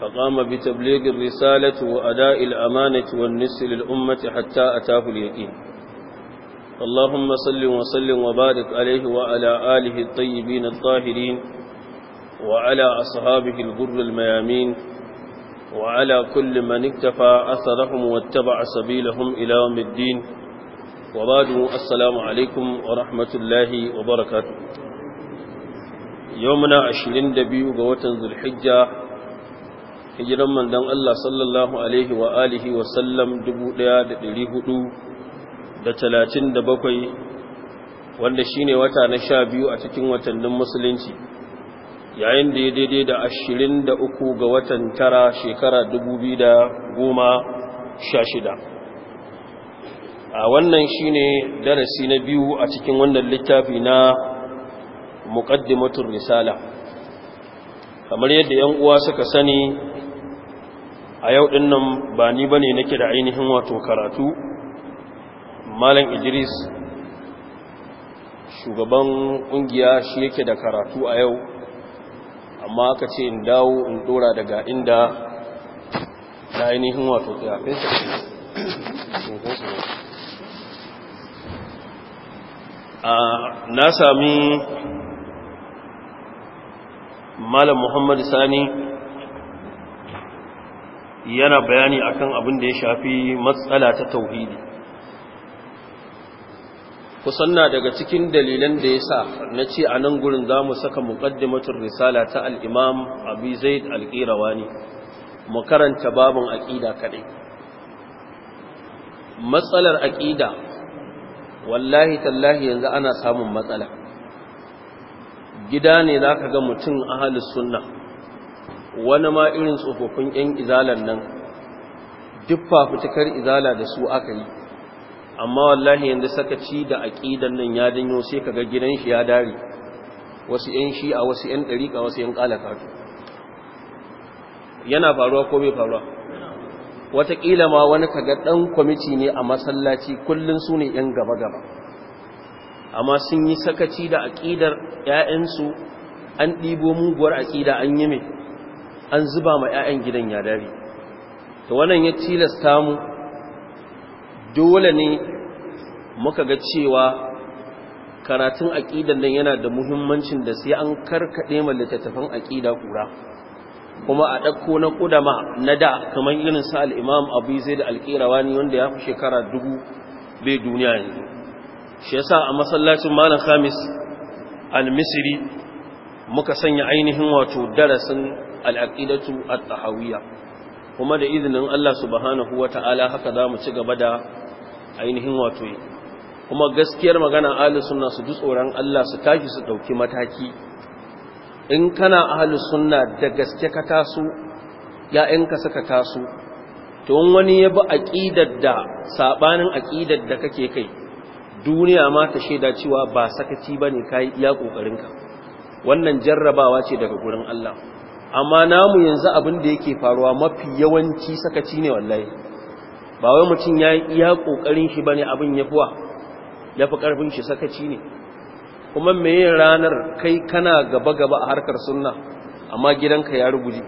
فقام بتبليغ الرسالة وأداء الأمانة والنس للأمة حتى أتاه اليقين اللهم صل وسلم وبارك عليه وعلى آله الطيبين الطاهرين وعلى أصحابه الغر الميامين وعلى كل من اكتفى أثرهم واتبع سبيلهم إلى يوم الدين وبعد السلام عليكم ورحمة الله وبركاته يومنا عشرين دبيو قوة ذو الحجة hijiran mandan Allah sallallahu alaihi wa alihi wa sallam 1437 wanda shi ne wata na sha biyu a cikin watannin musulunci yayin da ya daidai da ashirin da uku ga watan tara shekara dubu biyu da goma sha shida a wannan shi ne darasi na biyu a cikin wannan littafi na muƙaddimatun risala kamar yadda 'yan uwa suka sani a yau ɗin nan ba ni ba ne nake da ainihin wato karatu malam idris shugaban ƙungiya shi yake da karatu a yau amma aka ce in dawo in ɗora daga inda Da ainihin wato a na sami malam muhammadu sani yana bayani akan abin da ya shafi matsala ta tauhidi Kusan na daga cikin dalilan da ya sa na ce a nan gurin za mu saka muƙaddimatar risala ta Al-Imam abu zaid alƙirawa ne mu karanta babin aƙida kaɗai matsalar aƙida wallahi tallahi yanzu ana samun matsala gida ne za ka ga mutum ahalus sunna wani ma irin tsofaffin 'yan izalar nan duk fafutukar izala da su aka yi amma wallahi yanzu sakaci da aƙidan nan ya janyo sai kaga gidan shi ya dare wasu 'yan a wasu 'yan ɗariƙa wasu 'yan ƙalakatu yana faruwa ko bai faruwa wataƙila ma wani kaga ɗan kwamiti ne a masallaci kullum su ne 'yan gaba-gaba amma sun yi sakaci da aƙidar 'ya'yansu an ɗibo muguwar aƙida an yi mai an zuba ma 'ya'yan gidan yadari ta wannan ya tilasta mu dole ne muka ga cewa karatun aƙidan nan yana da muhimmancin da sai an karkaɗe ma littattafan aƙida ƙura kuma a ɗauko na ƙudama na da kamar irin sa al'imam abu zai da alƙirawa ne wanda ya fi shekara dubu bai duniya ne, shi yasa a masallacin malam khamis al-misri muka sanya ainihin wato darasin al'aqidatu a tahawiyya kuma da izinin Allah subhanahu ta'ala haka za mu ci gaba da ainihin wato kuma gaskiyar magana ahalus suna su ji tsoron Allah su tashi su ɗauki mataki in kana ahalus suna da gaske ka taso ya'yanka suka taso to wani ya bi aƙidar da saɓanin aƙidar da kake kai duniya ma ta shaida cewa ba sakaci ba bane yi iya ƙoƙarinka. wannan jarrabawa ce daga gurin Allah amma namu yanzu abin da yake faruwa mafi yawanci sakaci ne wallahi ba wai mutum ya yi iya kokarin shi ba ne abin ya fuwa ya fi karfin shi sakaci ne kuma mai ranar kai kana gaba gaba a harkar sunna amma gidanka ya ruguji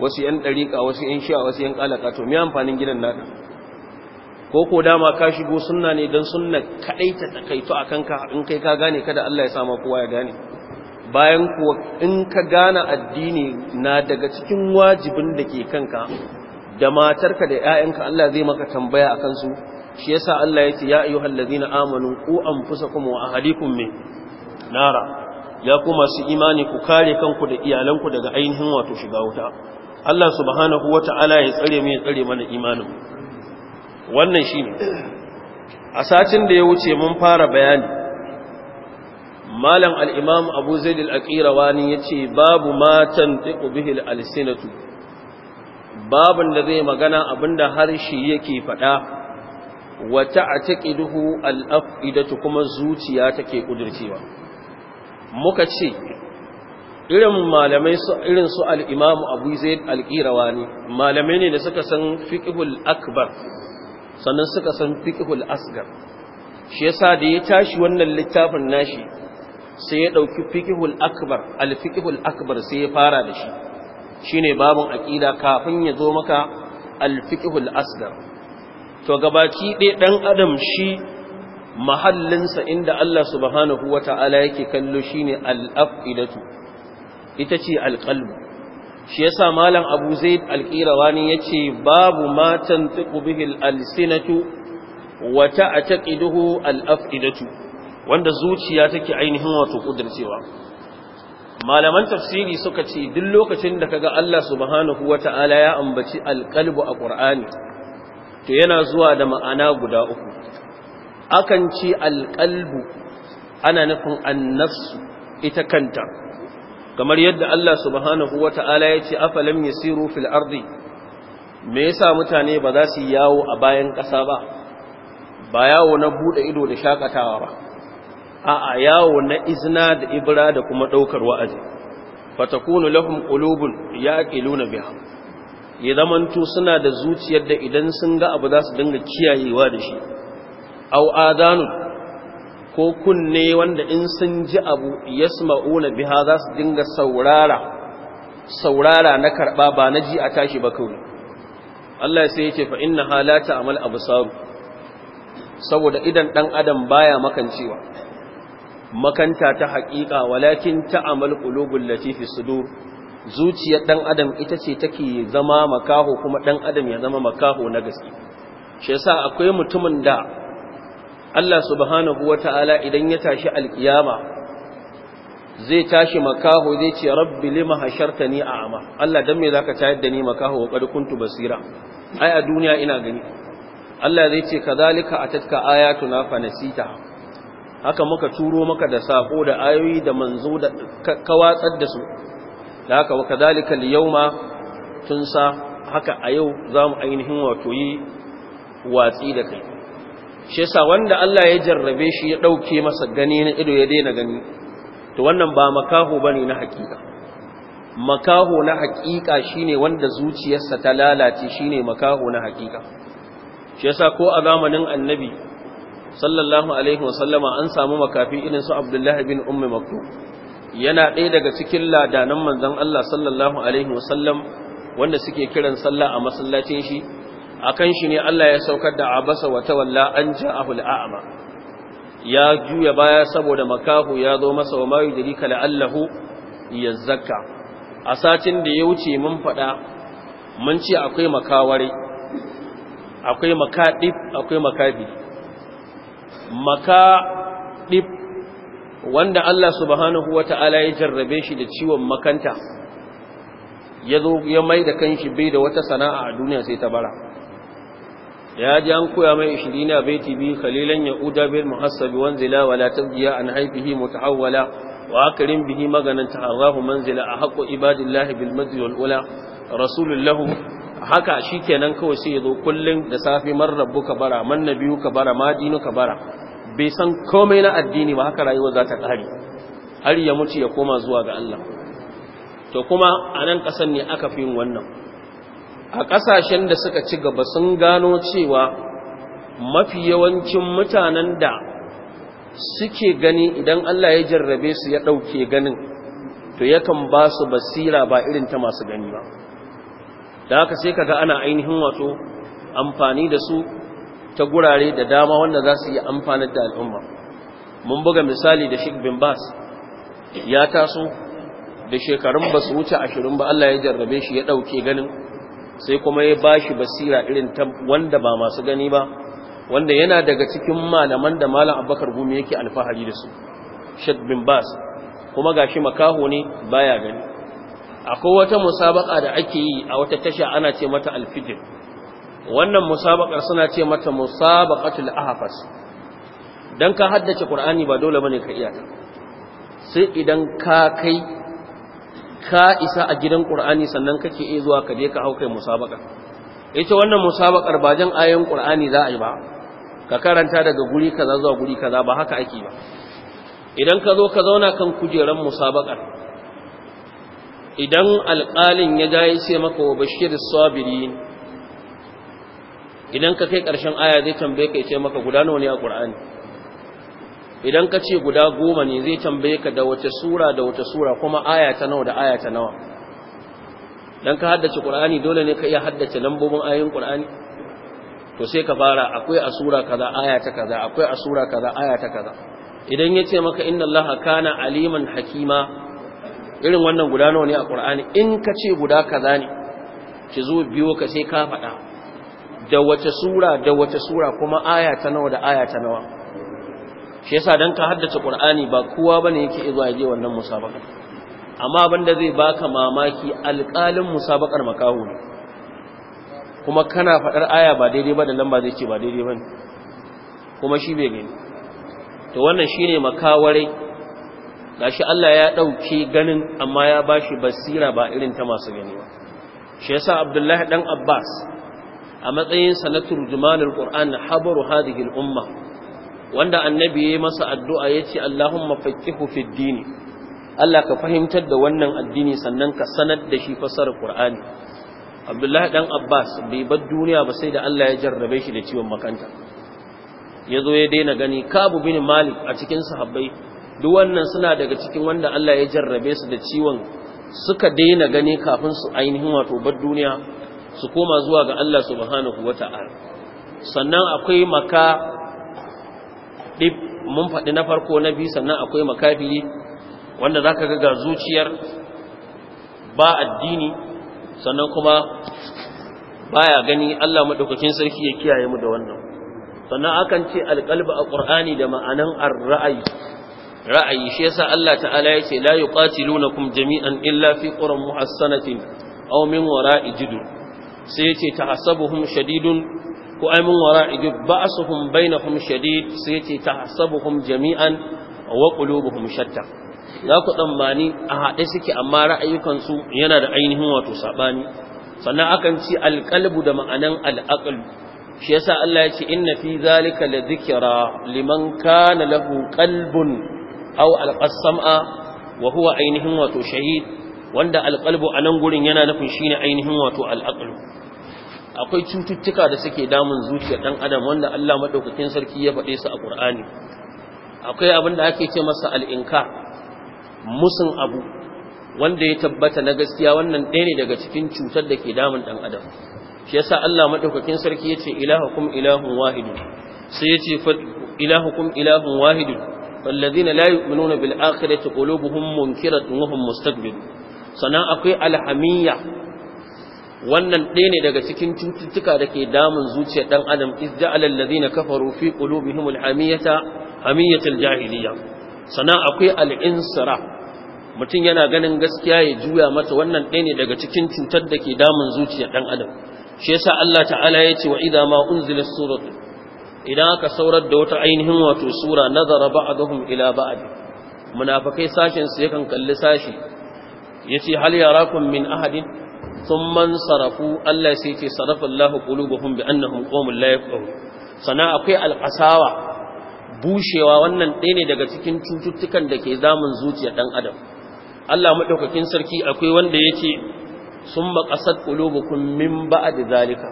wasu yan dariƙa wasu yan a wasu yan alaka to me amfanin gidan naka ko ko dama ka shigo sunna ne don sunna kaɗai ta takaito a kanka, in kai ka gane kada Allah ya sama kowa ya gane bayan kuwa in ka gane addini na daga cikin wajibin da ke kanka da matarka da 'ya'yanka Allah zai maka tambaya a kansu shi yasa Allah ya ce ya ayyuhal ladina amanu ku kuma wa ahlikum mai nara ya ku masu imani ku kare kanku da iyalanku daga ainihin wato shiga wuta Allah subhanahu wata'ala ya tsare mu ya tsare mana imanin wannan shi ne. a sacin da ya wuce mun fara bayani malam al'imam abu zaid wani ya ce babu matan ɗiƙu bihil alisinatu babin da zai magana abinda harshe yake faɗa wata a taƙiduhu al'af'idatu kuma zuciya take ƙudurcewa muka ce irin malamai irin su al'imamu abu zaid wani malamai ne da suka san fiƙihul akbar sannan suka san fiƙihul asgar shi yasa da ya tashi wannan littafin nashi sai ya ɗauki fikihul akbar alfikihul akbar sai ya fara da shi shine babun aƙida kafin ya zo maka alfikihul asgar to gabaci ɗaya ɗan adam shi mahallinsa inda Allah subhanahu ta'ala yake kallo shine al afidatu ita ce alƙalmu. Shi shi yasa malam Abu Zaid al ya yace babu matan tantiqu alsinatu wa ta'taqiduhu al al'afidatu. wanda zuciya take ainihin wato kudircewa malaman tafsiri suka ce duk lokacin da kaga Allah subhanahu wata'ala ya ambaci alqalbu a Qur'ani to yana zuwa da ma'ana guda uku akan ce alqalbu ana nufin annafsu ita kanta kamar yadda Allah subhanahu wata'ala ya ce afalam yasiru fil ardi me yasa mutane ba za su yawo a bayan ƙasa ba ba yawo na bude ido da shakatawa ba a'a yawo na Izina da ibra da kuma ɗaukar wa'azi fatakunu lahum qulubun yaqiluna biha ya zamanto suna da zuciyar da idan sun ga abu za su dinga kiyayewa da shi aw adanu ko kunne wanda in sun ji abu yasma'una biha za su dinga saurara saurara na karɓa ba na ji a tashi ba kawai Allah sai yake fa inna halata amal absar saboda idan dan adam baya makancewa makanta ta haƙiƙa walakin ta'amal qulubul latifi sudur zuciyar ɗan adam ita ce take zama makaho kuma dan adam ya zama makaho na gaske shi yasa akwai mutumin da Allah subhanahu Ta'ala idan ya tashi alkiyama zai tashi makaho zai ce rabbi lima hashartani amma. Allah dan me zaka tayar da ni makaho wa basira ai a duniya ina gani Allah zai ce kadhalika atatka ayatuna fanasita haka muka turo maka da sako da ayoyi da manzo da kawatsar da su da haka wa kadhalika al-yawma tunsa haka a yau zamu ainihin wato yi watsi da kai shi yasa wanda Allah ya jarrabe shi ya dauke masa gani na ido ya daina gani to wannan ba makaho bane na hakika makaho na hakika shine wanda zuciyarsa ta lalace shine makaho na hakika shi yasa ko a zamanin annabi sallallahu alaihi wasallama an samu makafi irin su abdullahi bin ummi makruf yana ɗaya daga cikin ladanan manzon Allah sallallahu alaihi wasallam wanda suke kiran sallah a masallacin shi akan shi ne Allah ya saukar da abasa wa tawalla an ja'ahu al'ama ya juya baya saboda makahu ya zo masa wa mayu dalika ya yazzakka a satin da ya wuce mun faɗa mun ce akwai makawari akwai makaɗif akwai makabi makaɗib wanda Allah subhanahu wa ta'ala ya jarrabe shi da ciwon makanta ya zo ya mai da kanshi bai da wata sana'a a duniya sai ta bara ya ji an koya mai ishirina bai tibi khalilan ya uda bil muhassabi wanzila wala tabdiya an haifihi mutahawwala wa akrim bihi maganan ta'awahu manzila a haqqu ibadillahi bil madhi ula rasulullahu haka kenan kawai sai ya zo kullum da safi man ka bara man ka bara ma ka bara bai san komai na addini ba haka rayuwar za ta ƙari har ya mutu ya koma zuwa ga Allah to kuma a nan ƙasar ne aka fi yin wannan a ƙasashen da suka ci gaba sun gano cewa mafi yawancin mutanen da suke gani idan Allah ya jarrabe su ya ɗauke ganin to yakan ba su basira ba irin ta masu gani ba da haka sai ka ga ana ainihin wato amfani da su ta gurare da dama wanda za su yi amfanar da al'umma mun buga misali da sheik bin bas ya taso da shekarun ba su wuce ashirin ba allah ya jarrabe shi ya ɗauke ganin sai kuma ya ba shi basira irin ta wanda ba masu gani ba wanda yana daga cikin malaman da malam abubakar gumi yake alfahari da su sheik bin bas kuma ga shi makaho ne baya gani akwai wata musabaka da ake yi a wata tasha ana ce mata alfijir wannan musabakar suna ce mata musabaqatul ahfas dan ka haddace qur'ani ba dole bane ka iya sai idan ka kai ka isa a gidan qur'ani sannan kake iya zuwa ka je ka hauka musabaqa ita wannan musabaqar ba jan ayoyin qur'ani za a yi ba ka karanta daga guri kaza zuwa guri kaza ba haka ake ba idan ka zo ka zauna kan kujeran musabakar idan alƙalin ya ja yace maka wa bashir sabirin idan ka kai ƙarshen aya zai tambaye ka ya ce maka guda nawa ne a ƙur'ani idan ka ce guda goma ne zai tambaye ka da wace sura da wace sura kuma aya ta nawa da aya ta nawa dan ka haddace ƙur'ani dole ne ka iya haddace lambobin ayoyin ƙur'ani to sai ka fara akwai a sura kaza aya ta kaza akwai a sura kaza aya ta kaza idan ya ce maka inna allaha kana aliman hakima irin wannan guda nawa ne a ƙur'ani in ka ce guda kaza ne ki zo biyo ka sai ka faɗa da wace sura da wace sura kuma aya ta nawa da aya ta nawa shi yasa dan ka haddace qur'ani ba kowa bane yake zuwa je wannan musabaka amma abinda zai baka mamaki alƙalin musabakar makaho ne kuma kana faɗar aya ba daidai ba da lamba zai ce ba daidai ba kuma shi bai gani to wannan shine makawarai gashi Allah ya ɗauki ganin amma ya bashi basira ba irin ta masu gani ba shi yasa Abdullahi dan Abbas a matsayin sanatul jumalul qur'an habaru hadhihi umma wanda annabi ya yi masa addu'a yace Allahumma faqihu fid din Allah ka fahimtar da wannan addini sannan ka sanar da shi fasarar Kur'ani. Abdullahi dan Abbas bai bar duniya ba sai da Allah ya jarrabe shi da ciwon makanta yazo ya daina gani Kabu bin Malik a cikin sahabbai duk wannan suna daga cikin wanda Allah ya jarrabe su da ciwon suka daina gani kafin su ainihin wato bar duniya su koma zuwa ga Allah subhanahu wata'ala sannan akwai maka dib mun faɗi na farko na biyu sannan akwai makafi wanda zaka ga ga zuciyar ba addini sannan kuma baya gani Allah madaukakin sarki ya kiyaye mu da wannan sannan akan ce alqalbu a ƙur'ani da ma'anan raayi ra'ayi shi yasa Allah ta'ala Ya yace la yuqatilunakum jami'an illa fi qura muhassanatin aw min wara'i jidur sai ya ce tahasabuhum shadidun ko ai ba su ba'suhum bainahum shadid sai ya ce tahasabuhum jami'an wa qulubuhum shatta za ku tsammani a haɗe suke amma ra'ayukansu yana da ainihin wato saɓani sannan akan ci alƙalbu da ma'anan al'aƙalu shi yasa Allah ya ce inna fi zalika la dhikra liman kana lahu qalbun aw alqasama wa huwa ainihin wato shahid wanda alqalbu anan gurin yana nufin shine ainihin wato alaqlu akwai cututtuka da suke damun zuciyar dan adam wanda Allah madaukakin sarki ya faɗe su a Qur'ani akwai abin da ake ce masa al-inka musun abu wanda ya tabbata na gaskiya wannan ɗaya ne daga cikin cutar da ke damun dan adam shi yasa Allah madaukakin sarki yace ilahukum ilahun wahidun sai yace ilahukum ilahun wahidun yu'minuna bil akhirati qulubuhum munkiratun wa hum مستكبرون sannan akwai alhamiyya wannan ɗaya ne daga cikin cututtuka da ke damun zuciyar ɗan adam izja'ala alladhina kafaru fi qulubihim alhamiyata hamiyatal jahiliya sana akwai al'insara mutum yana ganin gaskiya ya juya mata wannan ɗaya ne daga cikin cutar da ke damun zuciyar ɗan adam shi yasa Allah ta'ala ya ce wa idza ma unzila surat idan aka saurar da wata ainihin wato sura nazara ba'dahum ila ba'd munafikai sashin su yakan kalli sashi yace hal yarakum min ahadin man sarafu Allah sai ce sarafallahu qulubuhum bi annahum qawmun la sana akwai alqasawa bushewa wannan ɗaya ne daga cikin cututtukan da ke zaman zuciya dan adam Allah maɗaukakin sarki akwai wanda yake summa ƙasar qulubukum min ba'd zalika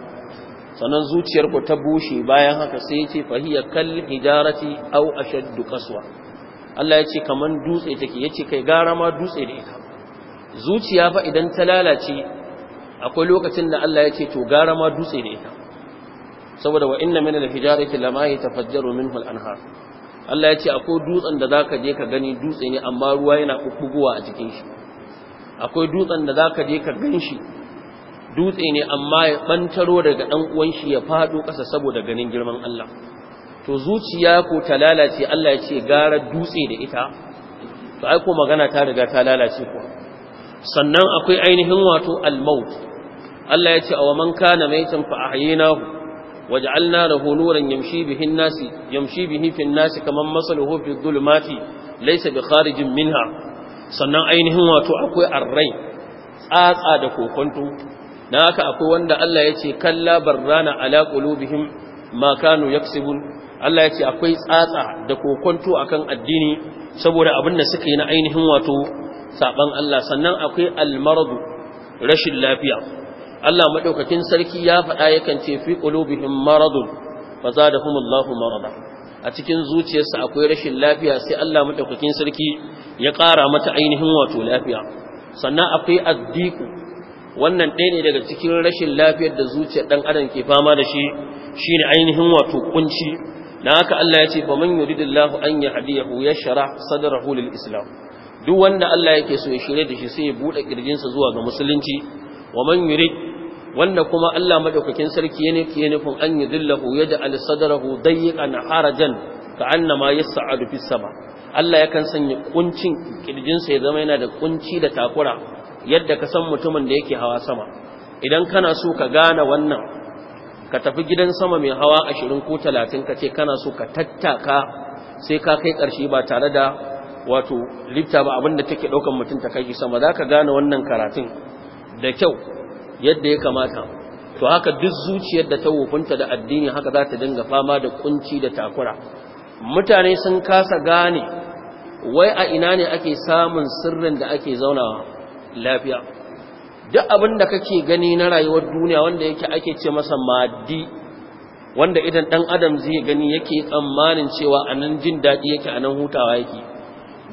sanan zuciyarku ta bushe bayan haka sai yace fahiya kal hijarati aw ashaddu qaswa Allah yace kamar dutse take yace kai gara ma dutse da ita zuciya fa idan ta lalace akwai lokacin da Allah ya ce to gara ma dutse da ita saboda wa inna min al-hijarati lama yatafajjaru minhu al-anhar Allah ya ce akwai dutsen da zaka je ka gani dutse ne amma ruwa yana kukkuguwa a cikin shi akwai dutsen da zaka je ka ganshi dutse ne amma ya bantaro daga dan uwan shi ya fado kasa saboda ganin girman Allah to zuciya ko ta lalace Allah ya ce gara dutse da ita to ai ko magana ta riga ta lalace ko sannan akwai ainihin wato al-maut Allah ya ce a waman kana maitan fa ahyaynahu waj'alna lahu nuran yamshi bihi an-nasi yamshi bihi fi an-nasi kaman masaluhu fi dhulumati laysa bi kharijin minha sannan ainihin wato akwai arrai tsatsa da kokonto dan haka akwai wanda Allah ya ce kalla barrana ala qulubihim ma kanu yaksibun Allah ya ce akwai tsatsa da kokonto akan addini saboda abin da suka yi na ainihin wato saban Allah sannan akwai almaradu rashin lafiya Allah madaukakin sarki ya faɗa yakan ce fi qulubihim maradun fazadahumullahu marada a cikin zuciyarsa akwai rashin lafiya sai Allah madaukakin sarki ya ƙara mata ainihin wato lafiya sannan akwai addiku wannan ɗaya ne daga cikin rashin lafiyar da zuciyar ɗan adam ke fama da shi shine ainihin wato kunci dan haka Allah ya ce fa man yuridillahu an yahdiyahu yashrah sadrahu lil islam duk wanda Allah yake so ya shirye da shi sai ya bude kirjinsa zuwa ga musulunci wa man yurid wanda kuma Allah madaukakin sarki yana ke nufin an yudillahu yaj'al sadrahu dayyqan harajan ka'annama yas'adu fis sama Allah yakan sanya kuncin sa ya zama yana da kunci da takura yadda ka san mutumin da yake hawa sama idan kana so ka gane wannan ka tafi gidan sama mai hawa 20 ko 30 ka ce kana so ka tattaka sai ka kai ƙarshe ba tare da wato lifta ba abinda take daukan mutum ta kai sama zaka gane wannan karatun da kyau yadda ya kamata to haka duk zuciyar da ta wufunta da addini haka za ta dinga fama da kunci da takura mutane sun kasa gane wai a ina ne ake samun sirrin da ake zaunawa lafiya duk abin da kake gani na rayuwar duniya wanda yake ake ce masa maddi wanda idan dan adam zai gani yake tsammanin cewa a nan jin daɗi yake anan hutawa yake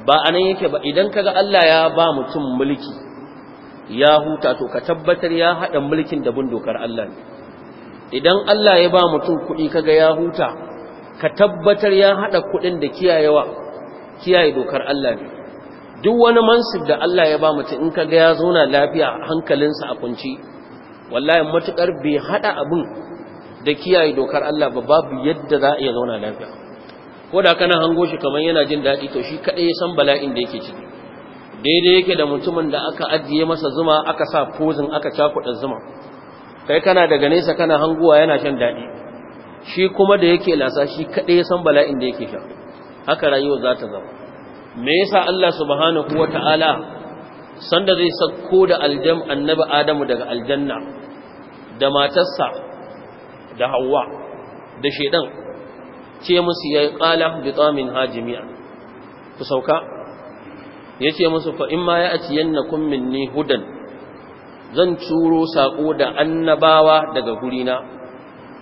ba a nan yake ba idan kaga Allah ya ba mutum mulki ya huta to ka tabbatar ya haɗa mulkin da dokar Allah ne idan Allah ya ba mutum kuɗi kaga ya huta ka tabbatar ya haɗa kuɗin da kiyayewa kiyaye dokar Allah ne duk wani mansub da Allah ya ba mutum in kaga ya zauna lafiya hankalinsa a kunci wallahi matukar bai haɗa abin da kiyaye dokar Allah ba babu yadda za a iya zauna lafiya ko da kana hango shi kamar yana jin daɗi to shi kaɗai ya san bala'in da yake ciki daidai yake da mutumin da aka ajiye masa zuma aka sa fuzin aka cakuɗa zuma kai kana daga nesa kana hanguwa yana shan daɗi shi kuma da yake lasa shi kaɗai san bala'in da yake sha haka rayuwa za ta zama me yasa Allah subhanahu wata'ala sanda zai sako da aljam annabi Adamu daga aljanna da matarsa da hawa da shedan ce musu yayi qala bi tamin hajimiya ku sauka ya ce musu fa'in ma ya aci yanna kummin ni hudan zan turo saƙo da annabawa daga gurina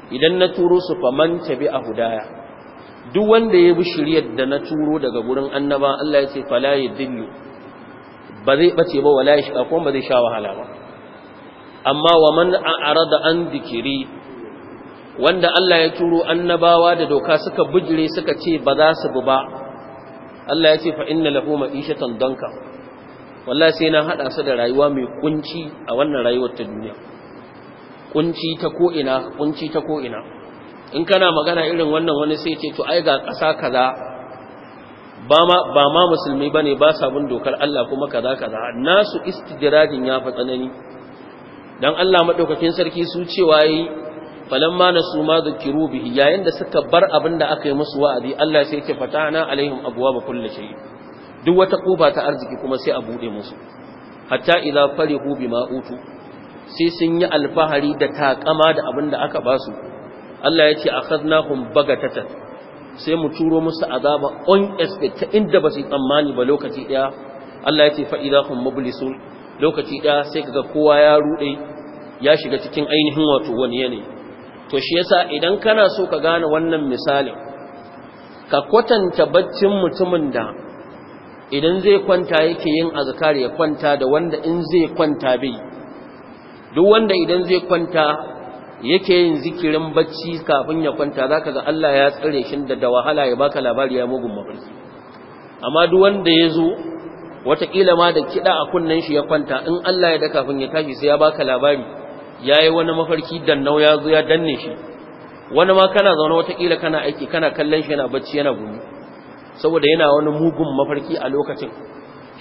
idan na turo su faman tabi a hudaya duk wanda ya bi shiryar da na turo daga gurin annaba Allah ya ce falaye ya dillu ba zai ɓace ba wala ya shiga ba zai sha wahala ba amma wa man da an dikiri wanda Allah ya turo annabawa da doka suka bijire suka ce ba za su bu ba Allah ya ce fa inna lahu ma'ishatan danka wallahi sai na hada su da rayuwa mai kunci a wannan rayuwar ta duniya kunci ta ko ina kunci ta ko ina in kana magana irin wannan wani sai ce to ai ga ƙasa kaza ba ma ba ma musulmi bane ba sabon dokar Allah kuma kaza kaza nasu istidrajin ya fa tsanani dan Allah madaukakin sarki su cewa yi falamma nasu ma dhukiru bihi yayin da suka bar abin da aka yi musu wa'azi Allah sai yake fatana alaihim abwaaba kulli shay duk wata kofa ta arziki kuma sai a bude musu hatta idza farihu bima utu sai sun yi alfahari da takama da abin da aka basu Allah ya ce akhadnahum bagatata sai mu turo musu azaba on ta inda ba su tsammani ba lokaci daya Allah ya ce fa idza hum mublisun lokaci daya sai kaga kowa ya rude ya shiga cikin ainihin wato wani yanayi to shi yasa idan kana so ka gane wannan misalin ka kwatanta baccin mutumin da idan zai kwanta yake yin azkar ya kwanta da wanda in zai kwanta bai duk wanda idan zai kwanta yake yin zikirin bacci kafin ya kwanta zaka ga Allah ya tsare shi da da wahala ya baka labari ya mugun mafarki amma duk wanda ya zo watakila ma da kida a kunnen shi ya kwanta in Allah ya da kafin ya tashi sai ya baka labari ya yi wani mafarki nau ya zo ya danne shi wani ma kana zaune watakila kana aiki kana kallon shi yana bacci yana gumi saboda yana wani mugun mafarki a lokacin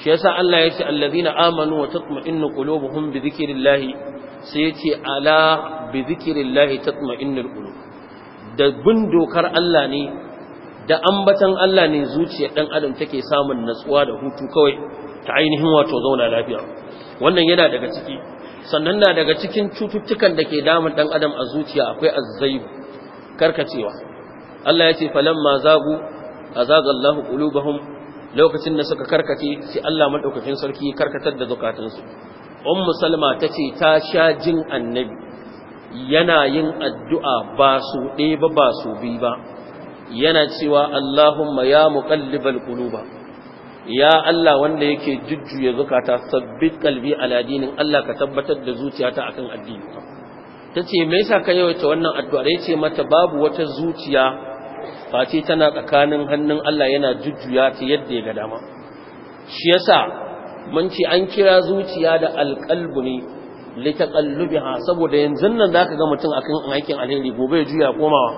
shi yasa Allah ya ce allazina amanu wa tatma'innu qulubuhum bi dhikrillah sai ya ce ala bi dhikrillah tatma'innul qulub da bin dokar Allah ne da ambatan Allah ne zuciyar dan adam take samun natsuwa da hutu kawai ta ainihin wato zauna lafiya wannan yana daga ciki sannan na daga cikin cututtukan da ke damun ɗan adam a zuciya akwai azzaibu karkacewa Allah ya ce ma zagu azaga qulubahum lokacin da suka karkace sai Allah madaukakin sarki karkatar da zukatansu ummu salma tace ta sha jin annabi yana yin addu'a ba su ɗaya ba ba su bi ba yana cewa Allahumma ya muqallibal quluba ya Allah wanda yake jujjuya zukata sabbit kalbi ala dinin Allah ka tabbatar da zuciyata akan addini tace me yasa ka yawaita wannan addu'ar ce mata babu wata zuciya face tana tsakanin hannun Allah yana jujjuya ta yadda ya ga dama shi yasa mun ce an kira zuciya da alqalbu ne taqallubiha saboda yanzu nan zaka ga mutum akan aikin alheri gobe ya juya komawa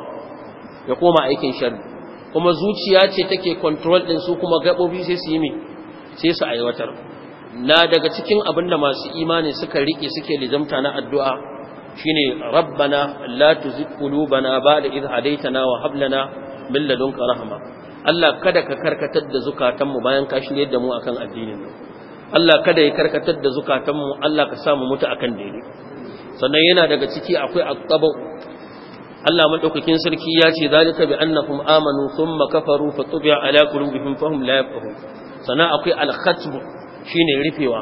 ya koma aikin sharri kuma zuciya ce take control din su kuma gabobi sai su yi me sai su aiwatar na daga cikin abin da masu imani suka rike suke lizamta na addu'a shine rabbana la tuzigh qulubana ba'da idh hadaytana wa hab lana min ladunka rahma Allah kada ka karkatar da zukatanmu bayan ka shirye da mu akan addinin nan Allah kada ya karkatar da zukatanmu Allah ka samu mutu akan daidai sannan yana daga ciki akwai at Allah madaukakin sarki ya ce zalika bi annahum amanu thumma kafaru fa tubi'a ala qulubihim fahum la yafqahun sana akwai al-khatm shine rufewa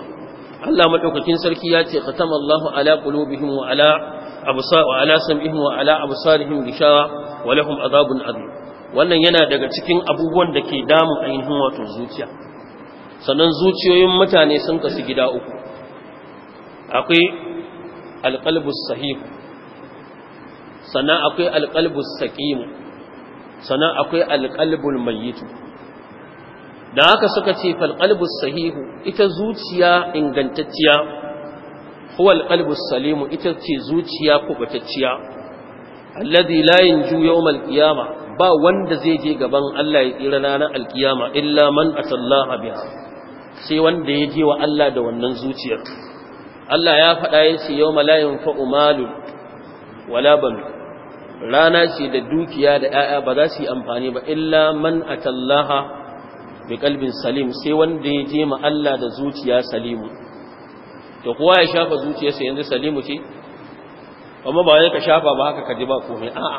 Allah madaukakin sarki ya ce khatama Allahu ala qulubihim wa ala absar wa ala sam'ihim wa ala absarihim gishawa wa lahum adhabun adhim wannan yana daga cikin abubuwan da ke damun ainihin wato zuciya sannan zuciyoyin mutane sun kasu gida uku akwai alqalbus sahih sannan akwai alƙalbus saƙim sannan akwai alƙalbul mayitu da haka suka ce falƙalbus sahihu ita zuciya ingantacciya huwa alƙalbus salimu ita ce zuciya kubatacciya alladhi la yanju yawmal qiyama ba wanda zai je gaban Allah ya kira ranar alkiyama illa man atallaha biha sai wanda ya je wa Allah da wannan zuciyar Allah ya faɗa ya ce yau malayin fa'umalu wala ban rana ce da dukiya da ‘ya'ya ba za su yi amfani ba illa man a tallaha mai kalbin salim sai wanda ya je Allah da zuciya salimu da kowa ya shafa zuciyarsa yanzu salimu ce amma ba wani ka shafa ba haka ka ji ba komai a'a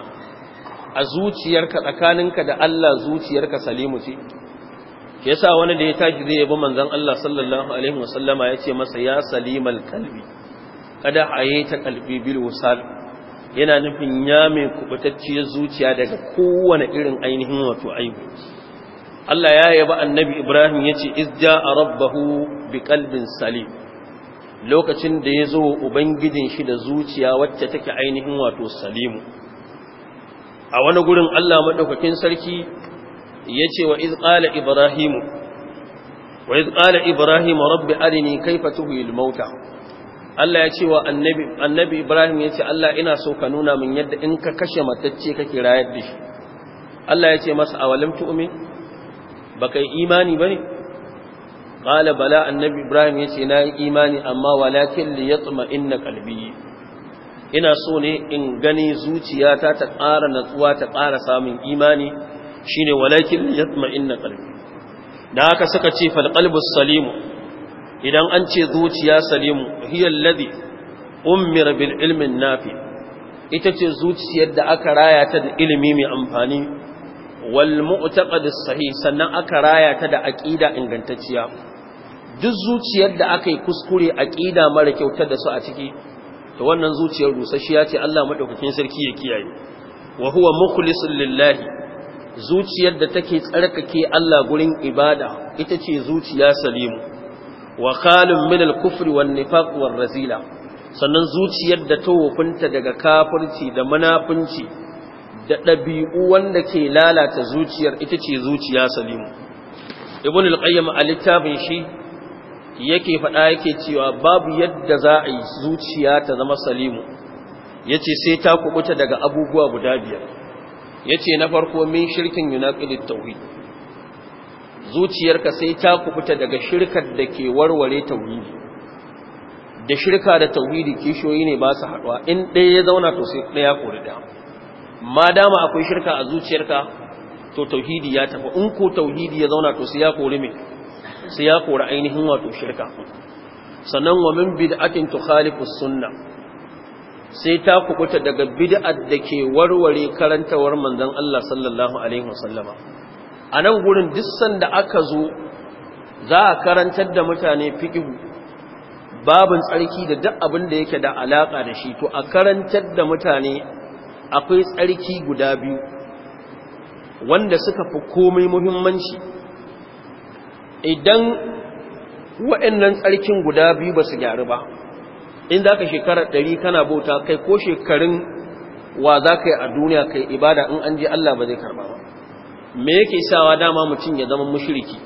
a zuciyarka tsakaninka da Allah zuciyarka salimu ce ke yasa wani da ya tashi zai yabi manzon Allah sallallahu alaihi wasallama ya ce masa ya salimal kalbi kada ta kalbi bil wasal yana nufin ya mai kubutacciyar zuciya daga kowane irin ainihin wato aibu Allah ya yaba annabi Ibrahim ya ce izja a rabbahu bi kalbin salim lokacin da ya zo ubangijin shi da zuciya wacce take ainihin wato salimu a wani gurin Allah maɗaukakin sarki ya ce wa izƙala Ibrahimu wa izƙala Ibrahimu rabbi arini kaifa tuhil mauta Allah ya ce wa annabi annabi Ibrahim ya ce Allah ina so ka nuna min yadda in ka kashe matacce kake rayar da shi Allah ya ce masa a awalam tu'min ba kai imani bane qala bala annabi Ibrahim ya ce na yi imani amma walakin li yatma'inna kalbi. ina so ne in gani zuciya ta ƙara natsuwa ta ƙara samun imani shine walakin li yatma'inna qalbi da haka suka ce fal qalbu salimu idan an ce zuciya salimu hiya alladhi ummir bil ilmi nafi ita ce zuciyar da aka raya ta da ilimi mai amfani wal mu'taqad sahih sannan aka raya ta da aqida ingantacciya duk zuciyar da aka yi kuskure aqida mara kyautar da su a ciki to wannan zuciyar rusasshiya ce Allah madaukakin sarki ya kiyaye wa huwa mukhlisun lillahi zuciyar da take tsarkake Allah gurin ibada ita ce zuciya salimu wa khalun min kufri wan nifaq war razila sannan zuciyar da ta wofinta daga kafirci da munafunci da ɗabi'u wanda ke lalata zuciyar ita ce zuciya salimu ibn al-qayyim a littafin shi yake faɗa yake cewa babu yadda za a yi zuciya ta zama salimu yace sai ta kubuta daga abubuwa guda biyar yace na farko min shirkin yunaqilit tauhid zuciyarka sai ta kubuta daga shirkar da ke warware tauhidi da shirka da tauhidi kishoyi ne ba su haɗuwa in ɗaya ya zauna to sai ɗaya kori da ma dama akwai shirka a zuciyarka to tauhidi ya tafi in ko tauhidi ya zauna to sai ya kori me sai ya kori ainihin wato shirka sannan wa min bid'atin tukhalifu sunna sai ta kubuta daga bid'at da ke warware karantawar manzon Allah sallallahu alaihi wasallama a nan gurin dissan da aka zo za a karantar da mutane fiƙihu babin tsarki da duk abin da yake da alaƙa da shi to a karantar da mutane akwai tsarki guda biyu wanda suka fi komai muhimmanci idan waɗannan tsarkin guda biyu ba su gyaru ba in za ka shekarar ɗari kana bauta kai ko shekarun wa za ka yi a duniya kai ibada in an je Allah ba zai karɓa ba me yake sawa dama mutum ya zama mushriki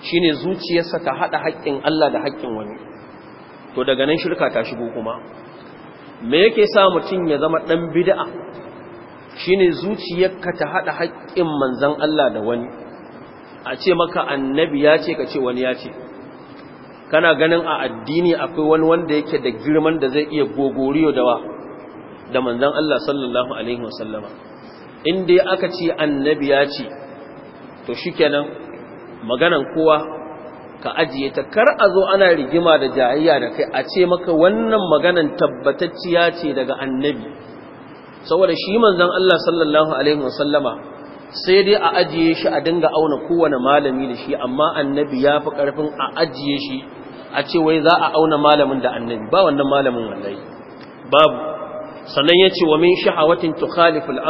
shine zuciyarsa ta hada haƙƙin Allah da haƙƙin wani to daga nan shirka ta shigo kuma me yake sa mutum ya zama dan bid'a shine zuciyarka ta hada haƙƙin manzon Allah da wani a ce maka annabi ya ce ka ce wani ya ce kana ganin a addini akwai wani wanda yake da girman da zai iya gogoriyo da wa da manzon Allah sallallahu alaihi wasallama in dai aka ce annabi ya ce to shi kenan maganan kowa ka ajiye ta kar a zo ana rigima da jayayya da kai a ce maka wannan maganan tabbatacciya ce daga annabi saboda shi manzon Allah sallallahu alaihi wasallama sai dai a ajiye shi a dinga auna kowane malami da shi amma annabi ya fi karfin a ajiye shi a ce wai za a auna malamin da annabi ba wannan malamin wallahi babu sannan ya ce wa min shahawatin tukhalifu al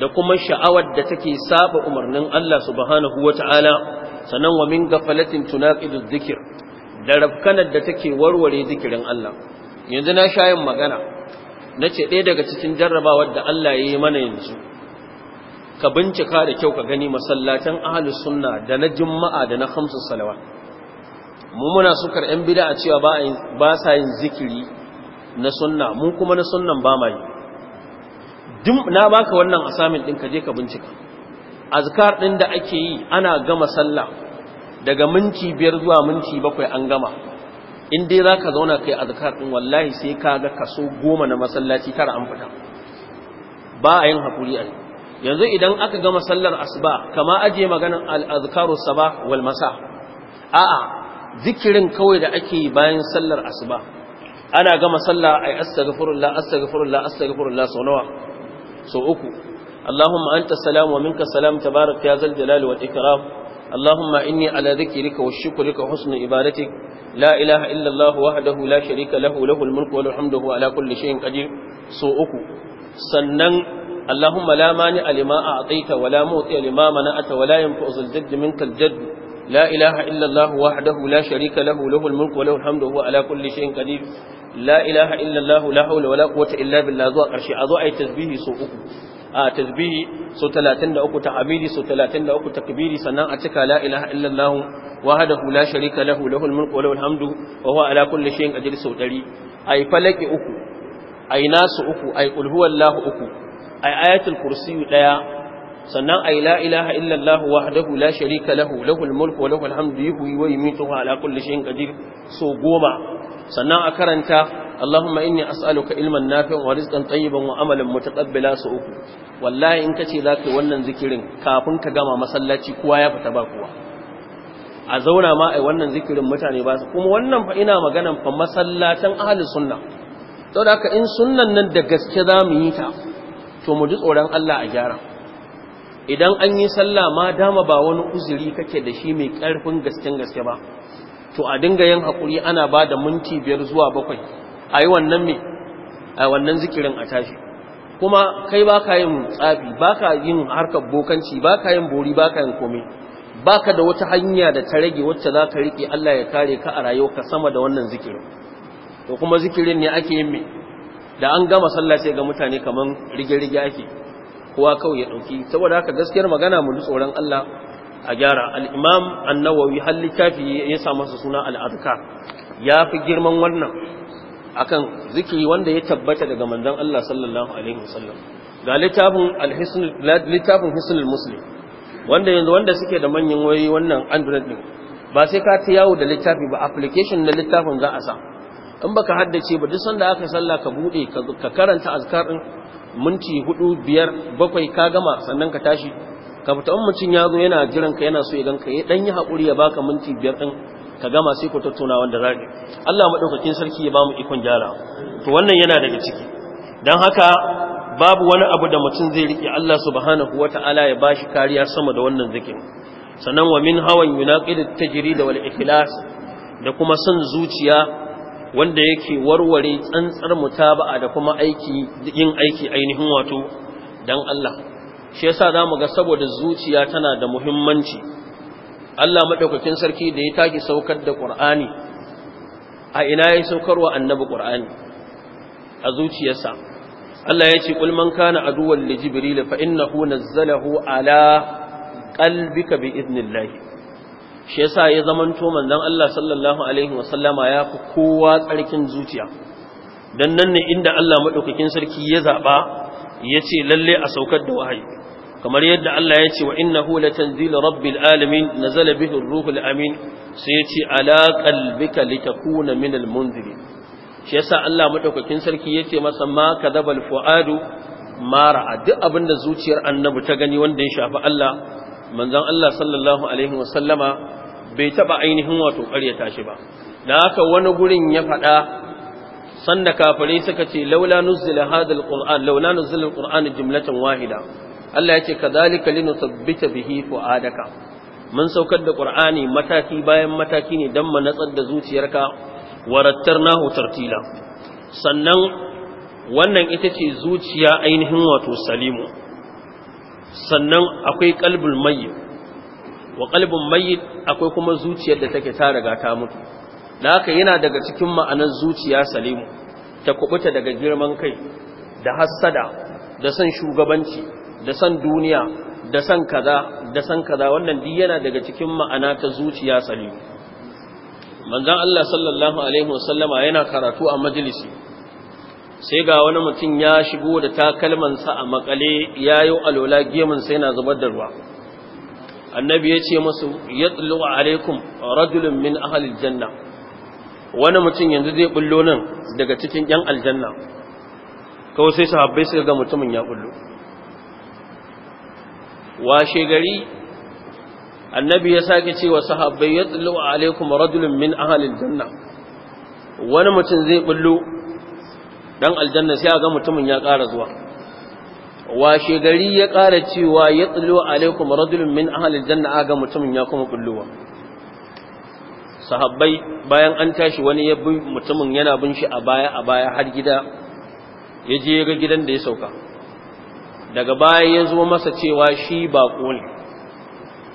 da kuma sha'awar da take saba umarnin Allah subhanahu wata'ala sanan wa min gafalatin tunaqidu dhikr da rafkanar da take warware zikirin Allah yanzu na sha yin magana nace ɗaya daga cikin jarrabawar da Allah ya yi mana yanzu ka bincika da kyau ka gani masallatan ahlus sunna da na juma'a da na khamsus Salawa. mu muna sukar yan bid'a cewa ba ba sa yin zikiri na sunna mu kuma na sunnan ba mai na baka wannan asamin ɗin ka je ka bincika azkar din da ake yi ana gama sallah daga minti biyar zuwa minti bakwai an gama in dai zaka zauna kai azkar din wallahi sai ka ga kaso goma na masallaci tara an fita ba a yin hakuri a yanzu idan aka gama sallar asuba kama ajiye maganin al sabah wal masa a'a zikirin kawai da ake yi bayan sallar asuba ana gama sallah ay astaghfirullah astaghfirullah astaghfirullah sau nawa so uku Allahumma anta salam wa minka salam tabarak ya zal jalali wal ikram Allahumma inni ala dhikrika wa shukrika husni ibadatik la ilaha illa Allah wahdahu la sharika lahu lahul mulku wa hamdu wa ala kulli shay'in qadir so uku sannan اللهم لا مانع لما أعطيت ولا موطئ لما منعت ولا ينفع ذا الجد منك الجد لا إله إلا الله وحده لا شريك له له الملك وله الحمد وهو على كل شيء قدير la ilaha illallah la haula wala quwwata illa billah zuwa karshe a zo ai tasbihi so uku a tasbihi so 33 tahmidi so 33 takbiri sannan a cika la ilaha illallah wahdahu la sharika lahu lahul mulku wa lahul hamdu wa huwa ala kulli shay'in qadir so 100 ai falaki uku ai nasu uku ai qul huwallahu uku ai ayatul kursi daya sannan ay la ilaha illa Allah wahdahu la sharika lahu lahul mulku wa lahul hamdu yuhyi wa yumiitu ala kulli shay'in qadir so goma sannan a karanta Allahumma inni as'aluka ilman nafi'an wa rizqan tayyiban wa amalan mutaqabbila su uku wallahi in kace zaka wannan zikirin kafin ka gama masallaci kowa ya fita ba kowa a zauna ma ai wannan zikirin mutane ba su kuma wannan fa ina maganan fa masallatan ahli sunna saboda haka in sunnan nan da gaske za mu yi ta to mu ji tsoron Allah a gyara idan an yi sallah ma dama ba wani uzuri kake da shi mai karfin gasken gaske ba to a dinga yin hakuri ana ba da minti biyar zuwa bakwai a yi wannan mai a wannan zikirin a tashi kuma kai ba ka yin tsafi ba ka yin harkar bokanci ba ka yin bori ba ka yin komai ba ka da wata hanya da ta rage wacce za ka riƙe Allah ya kare ka a ka sama da wannan zikirin to kuma zikirin ne ake yin mai da an gama sallah ga mutane kamar rige-rige ake kowa kawai ya ɗauki saboda haka gaskiyar magana mu tsoron Allah a gyara al'imam annawawi har littafi ya sa su suna al'adka ya fi girman wannan akan zikiri wanda ya tabbata daga manzan Allah sallallahu alaihi wasallam ga littafin al littafin hisnul muslim wanda yanzu wanda suke da manyan wayoyi wannan android din ba sai ka ta yawo da littafi ba application na littafin za a sa in baka haddace ba duk sanda aka salla ka bude ka karanta azkar din minti 4 5 7 ka gama sannan ka tashi ka fita in mutum ya zo yana jiran ka yana so ya ganka ya dan yi hakuri ya baka minti biyar din ka gama sai ku tattauna wanda zaka Allah madaukakin sarki ya bamu ikon gyara to wannan yana daga ciki dan haka babu wani abu da mutum zai rike Allah subhanahu wataala ya ba shi kariya sama da wannan zikin, sannan wa min hawan yunaqidu tajrid wal ikhlas da kuma son zuciya wanda yake warware tsantsar mutaba'a da kuma aiki yin aiki ainihin wato dan Allah shi yasa za mu ga saboda zuciya tana da muhimmanci Allah maɗaukakin sarki da ya taki saukar da ƙur'ani a ina ya saukarwa annabi ƙur'ani a zuciyarsa Allah ya ce kul man kana aduwwan li jibril fa innahu nazzalahu ala qalbika bi idnillah shi yasa ya zamanto manzon Allah sallallahu alaihi wasallama ya fi kowa tsarkin zuciya dan nan ne inda Allah madaukakin sarki ya zaba ya ce lalle a saukar da wahayi kamar yadda Allah ya ce wa inna hu la tanzilu rabbil alamin nazala bihi ruhul amin sai ya ce ala qalbika litakuna min al munziri shi yasa Allah madaukakin sarki yace masa ma kadaba al fuadu mara duk abinda zuciyar annabi ta gani wanda ya shafi Allah manzon Allah sallallahu alaihi wasallama bai taba ainihin wato ƙaryata shi ba da haka wani gurin ya faɗa sanda kafare suka ce laula nuzila hadal qur'an laula nuzila alquran jumlatan wahida Allah yace kadhalika linuthabbita bihi fuadaka mun saukar da qur'ani mataki bayan mataki ne dan mu natsar da zuciyarka warattarnahu tartila sannan wannan ita ce zuciya ainihin wato salimu sannan akwai qalbul mayyit wa qalbul mayyit akwai kuma zuciyar da take ta riga ta mutu da haka yana daga cikin ma'anar zuciya salimu ta kubuta daga girman kai da hassada da san shugabanci da san duniya da san kaza da san kaza wannan duk yana daga cikin ma'ana ta zuciya salimu manzon Allah sallallahu alaihi wasallama yana karatu a majalisi sai ga wani mutum ya shigo da takalmansa a makale yayo alola gemin sai yana zubar da ruwa annabi ya ce musu yatlu alaikum rajulun min ahlil janna wani mutum yanzu zai bullo nan daga cikin yan aljanna kawai sai sahabbai suka ga mutumin ya bullo washe gari annabi ya sake cewa sahabbai ya tsallu alaikum rajulun min ahalin janna wani mutum zai bullo ɗan aljanna sai a ga mutumin ya ƙara zuwa washe gari ya ƙara cewa ya tsallu alaikum rajulun min ahalin janna a ga mutumin ya kuma bullowa sahabbai bayan an tashi wani ya bi mutumin yana bin shi a baya a baya har gida ya je ga gidan da ya sauka daga baya ya zo masa cewa shi baƙo ne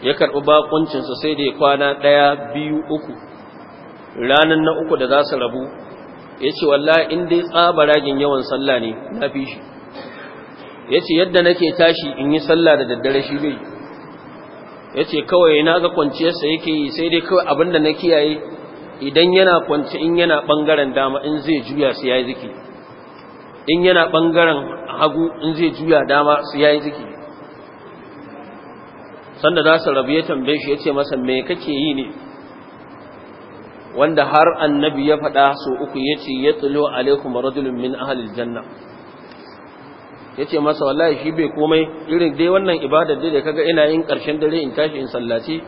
ya karɓi baƙuncinsa sai da ya kwana ɗaya biyu uku ranar na uku da za su rabu ya ce walla in dai ragin yawan sallah ne na fi shi ya ce yadda nake tashi in yi sallah da daddare shi bai ya ce kawai na ga kwanciyarsa yake yi sai dai kawai abinda na kiyaye idan yana kwanci in yana ɓangaren dama in zai juya su ya yi ziki in yana ɓangaren hagu in zai juya dama su ya yi ziki sanda za su rabu ya tambaye shi ya ce masa me kake yi ne wanda har annabi ya faɗa so uku ya ce ya tsilo alaikum rajulun min ahalil janna ya ce masa wallahi shi bai komai irin dai wannan ibadar dai da kaga ina yin ƙarshen dare in tashi in sallaci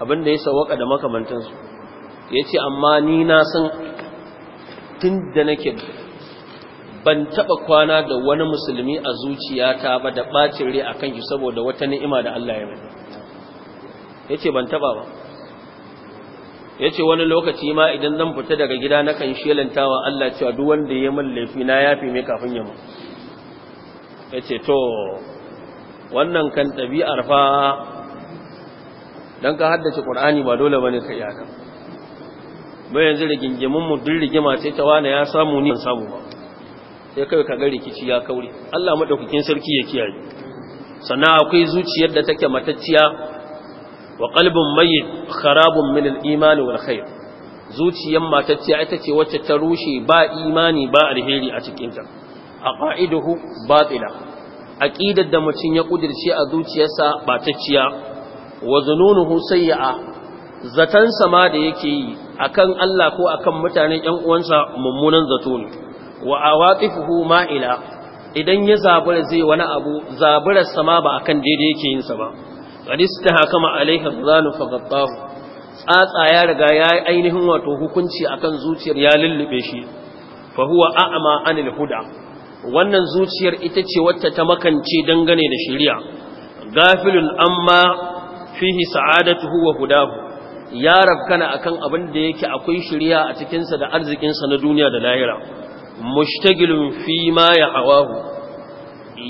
abin da ya sawaka da makamantansu ya ce amma ni na san tun da nake ban taɓa kwana da wani musulmi a zuciyata ba da ɓacin rai a kanki saboda wata ni'ima da Allah ya mai ya ce ban taɓa ba ya ce wani lokaci ma idan zan fita daga gida na nakan shelantawa Allah cewa duk wanda ya yi min laifi na yafi mai kafin yamma ya ce to wannan kan ɗabi'ar fa don ka haddace ƙur'ani ba dole ba ne ka yi haka. bai yanzu rigingiminmu duk rigima sai ta wane ya samu ni samu ba sai kai ka ga rikici ya kauri Allah madaukakin sarki ya kiyaye sannan akwai zuciyar da take matacciya wa qalbun mai kharabun min al-iman wal khair zuciyar matacciya ita ce wacce ta rushe ba imani ba alheri a cikin ta A aqaiduhu batila aqidar da mutum ya kudirce a zuciyarsa batacciya wa zununuhu a Zaton sama da yake yi akan Allah ko akan mutanen ƴan uwansa mummunan zato ne wa ma ma'ila idan ya zabura zai wani abu zaburar sama ba akan daidai yake yin sa ba qadista hakama alaihi dhanu faqattahu tsatsa ya riga yayi ainihin wato hukunci akan zuciyar ya lullube shi fa huwa a'ma anil huda wannan zuciyar ita ce wata ta makance dangane da shari'a gafilun amma fihi sa'adatuhu wa hudahu ya rabkana akan abin da yake akwai shari'a a cikinsa da arzikinsa na duniya da lahira mushtagilun fi ma ya hawahu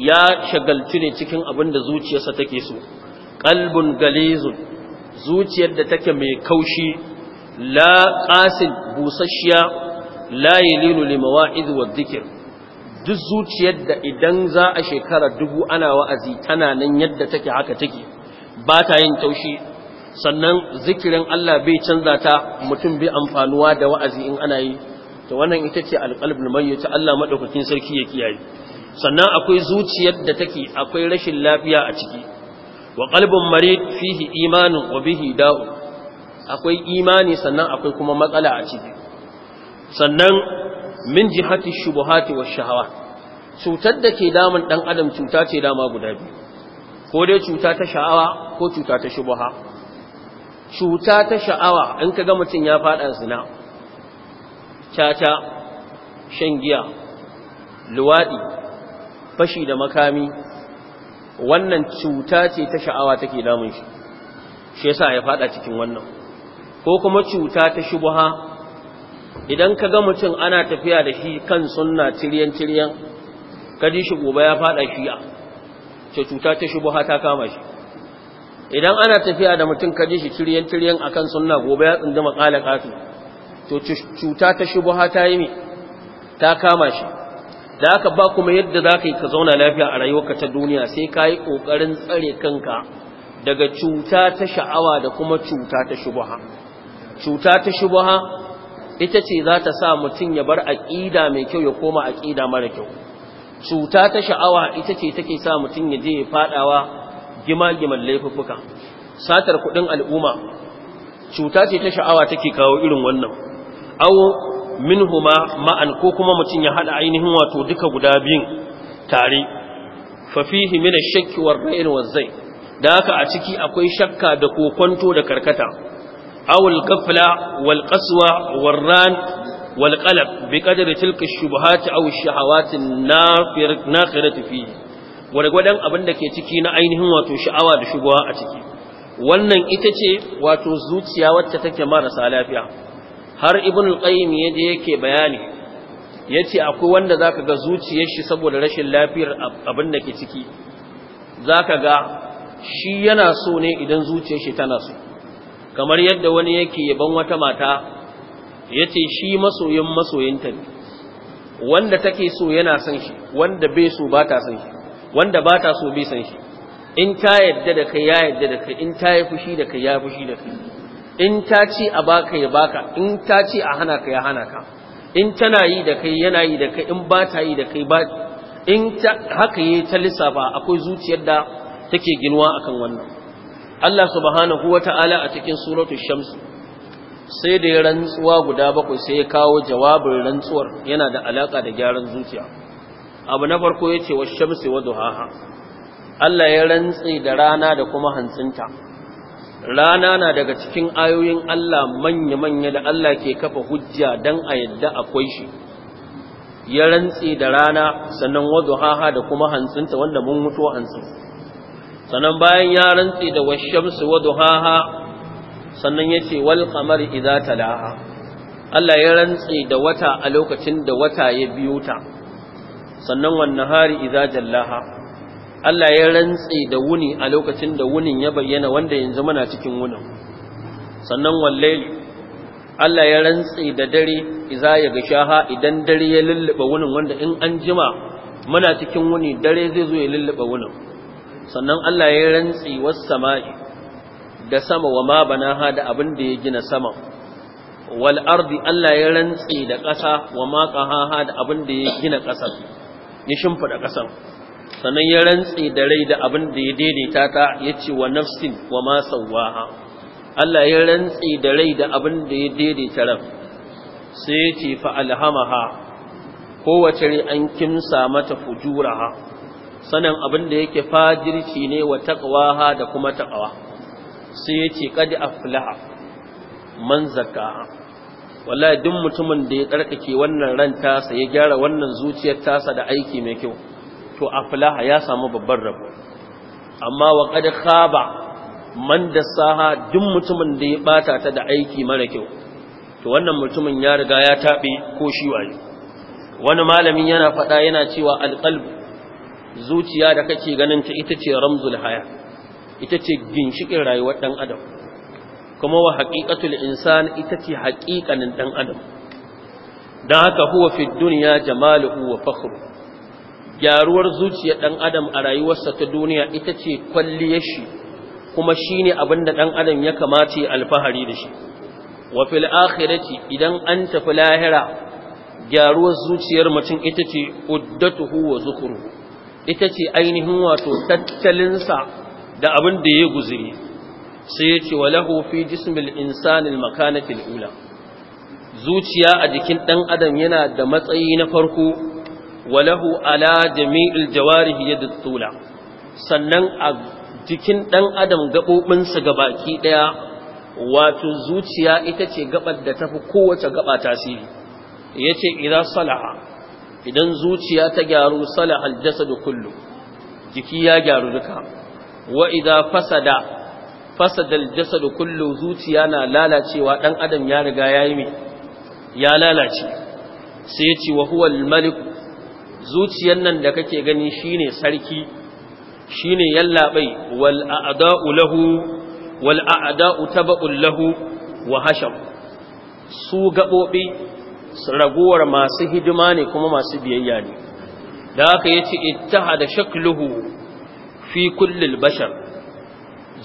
ya shagaltu ne cikin abin da zuciyarsa take so qalbun galizun zuciyar da take mai kaushi la qasil busasshiya la yalinu limawa'iz wa dhikr duk zuciyar da idan za a shekara dubu ana wa'azi tana nan yadda take haka take ba ta yin taushi sannan zikirin Allah bai canza ta mutum bai amfanuwa da wa'azi in ana yi to wannan ita ce alqalbul ta Allah madaukakin sarki ya kiyaye sannan akwai zuciyar da take akwai rashin lafiya a ciki wa qalbun marid fihi imanun wa bihi da'u akwai imani sannan akwai kuma matsala a ciki sannan min jihati shubuhati wa shahawa cutar da ke damun dan adam cuta ce dama guda biyu ko dai cuta ta sha'awa ko cuta ta shubuha cuta ta sha'awa in ka ga mutum ya fada zina caca shan giya luwadi fashi da makami wannan cuta ce ta sha'awa take damun shi shi yasa ya fada cikin wannan ko kuma cuta ta shubuha idan ka ga mutum ana tafiya da shi kan sunna ciryan ciryan ka ji shi gobe ya fada shi'a ce cuta ta shi buha ta kama shi idan ana tafiya da mutum ka ji shi ciryan ciryan kan sunna gobe ya tsindima makala kafi to cuta ta shi buha ta yi ta kama shi da aka ba kuma yadda za ka yi ka zauna lafiya a rayuwarka ta duniya sai ka yi ƙoƙarin tsare kanka daga cuta ta sha'awa da kuma cuta ta shubuha cuta ta shubuha ita ce za ta sa mutum ya bar aƙida mai kyau ya koma aƙida mara kyau cuta ta sha'awa ita ce take sa mutum ya je ya faɗawa gima-giman laifuffuka satar kuɗin al'umma cuta ce ta sha'awa take kawo irin wannan Awo minhuma ma'an ko kuma mutum ya haɗa ainihin wato duka guda biyun tare fafihi min shakki war irin da haka a ciki akwai shakka da kokonto da karkata أو القفلة والقسوة والران والقلب بقدر تلك الشبهات أو الشهوات الناخرة فيه ولقدم أبن لك يتكين أينهم وتشعوى لشبهة wannan ita ce wato zuciya wacce take marasa lafiya har ibn al-qayyim yaje yake bayani yace akwai wanda zaka ga zuciyar shi saboda rashin lafiyar abin da ke ciki zaka ga shi yana so ne idan zuciyar shi tana so kamar yadda wani yake yaban wata mata ya ce shi masoyin masoyinta ne wanda take so yana san shi wanda bai so ba ta san shi wanda ba ta so bai san shi in ta yadda da kai ya yadda da kai in ta yi fushi da kai ya fushi da kai in ta ci a baka ya baka in ta ci a hana ka ya hana ka in tana yi da kai yana yi da kai in ba ta yi da kai ba in haka yi ta lissafa akwai zuciyar da take ginuwa akan wannan Allah subhanahu wata'ala a cikin suratul shams sai da ya rantsuwa guda bakwai sai ya kawo jawabin rantsuwar yana da alaka da gyaran zuciya abu na farko yace wa shamsi wa duhaha Allah ya rantsi da rana da kuma hantsinta rana na daga cikin ayoyin Allah manya-manya da Allah ke kafa hujja dan a yadda akwai shi ya rantsi da rana sannan wa duhaha da kuma hantsinta wanda mun mutu hantsinta sannan bayan ya rantsi da washamsu wa duhaha sannan yace wal qamari idza talaha Allah ya rantsi da wata a lokacin da wata ya biyo ta sannan wan nahari idza jallaha Allah ya rantsi da wuni a lokacin da wunin ya bayyana wanda yanzu muna cikin wunin sannan wal layli Allah ya rantsi da dare iza ya ga ha idan dare ya lulluba wunin wanda in an jima muna cikin wuni dare zai zo ya lulluba wunin sannan Allah ya rantsi was sama'i da sama wa ma banaha da abin da ya gina sama wal ardi Allah ya rantsi da ƙasa wa ma qahaha da abin da ya gina ƙasa ya shimfida ƙasan sannan ya rantsi da rai da abin da ya daidaita ta yace wa nafsin wa ma sawaha Allah ya rantsi da rai da abin da ya daidaita ran sai yace fa alhamaha kowace rai an kimsa mata fujuraha sanin abin da yake fajirci ne wa taqwaha da kuma taqwa sai yace qad aflaha man zaka wallahi duk mutumin da ya tsarkake wannan ran tasa ya gyara wannan zuciyar tasa da aiki mai kyau to aflaha ya samu babban rabo amma wa qad khaba man saha duk mutumin da ya bata ta da aiki mara kyau to wannan mutumin ya riga ya tabe ko shi waye wani malamin yana faɗa yana cewa alqalbu zuciya da kake ganin ta ita ce ramzul haya ita ce ginshikin rayuwar dan adam kuma wa haqiqatul insan ita ce haqiqanin dan adam dan haka huwa fi dunya jamaluhu wa fakhru gyaruwar zuciyar dan adam a rayuwarsa ta duniya ita ce kwalliyar shi kuma shine abinda dan adam ya kamata ya alfahari da shi wa fil akhirati idan an tafi lahira gyaruwar zuciyar mutum ita ce uddatuhu wa zukuruhu ita ce ainihin wato tattalinsa da abin da ya guziri sai ya ce walahu fi jismil insanil makanatil ula zuciya a jikin ɗan adam yana da matsayi na farko walahu ala jami'il jawarihi yadda tula sannan a jikin ɗan adam gaɓoɓinsa ga baki ɗaya wato zuciya ita ce gaɓar da tafi kowace gaɓa tasiri Yace ce idan salaha idan zuciya ta gyaru salahal aljasadu kullu jiki ya gyaru duka wa idza fasada fasada aljasadu kullu zuciya na lalacewa dan adam ya riga yayi me ya lalace sai ya ce wa huwa almalik zuciyan nan da kake gani shine sarki shine yallabai wal a'da'u lahu wal a'da'u tabu lahu wa hasham su gabobi ragowar masu hidima ne kuma masu biyayya ne da aka yi ce ittaha da shakluhu fi kullil bashar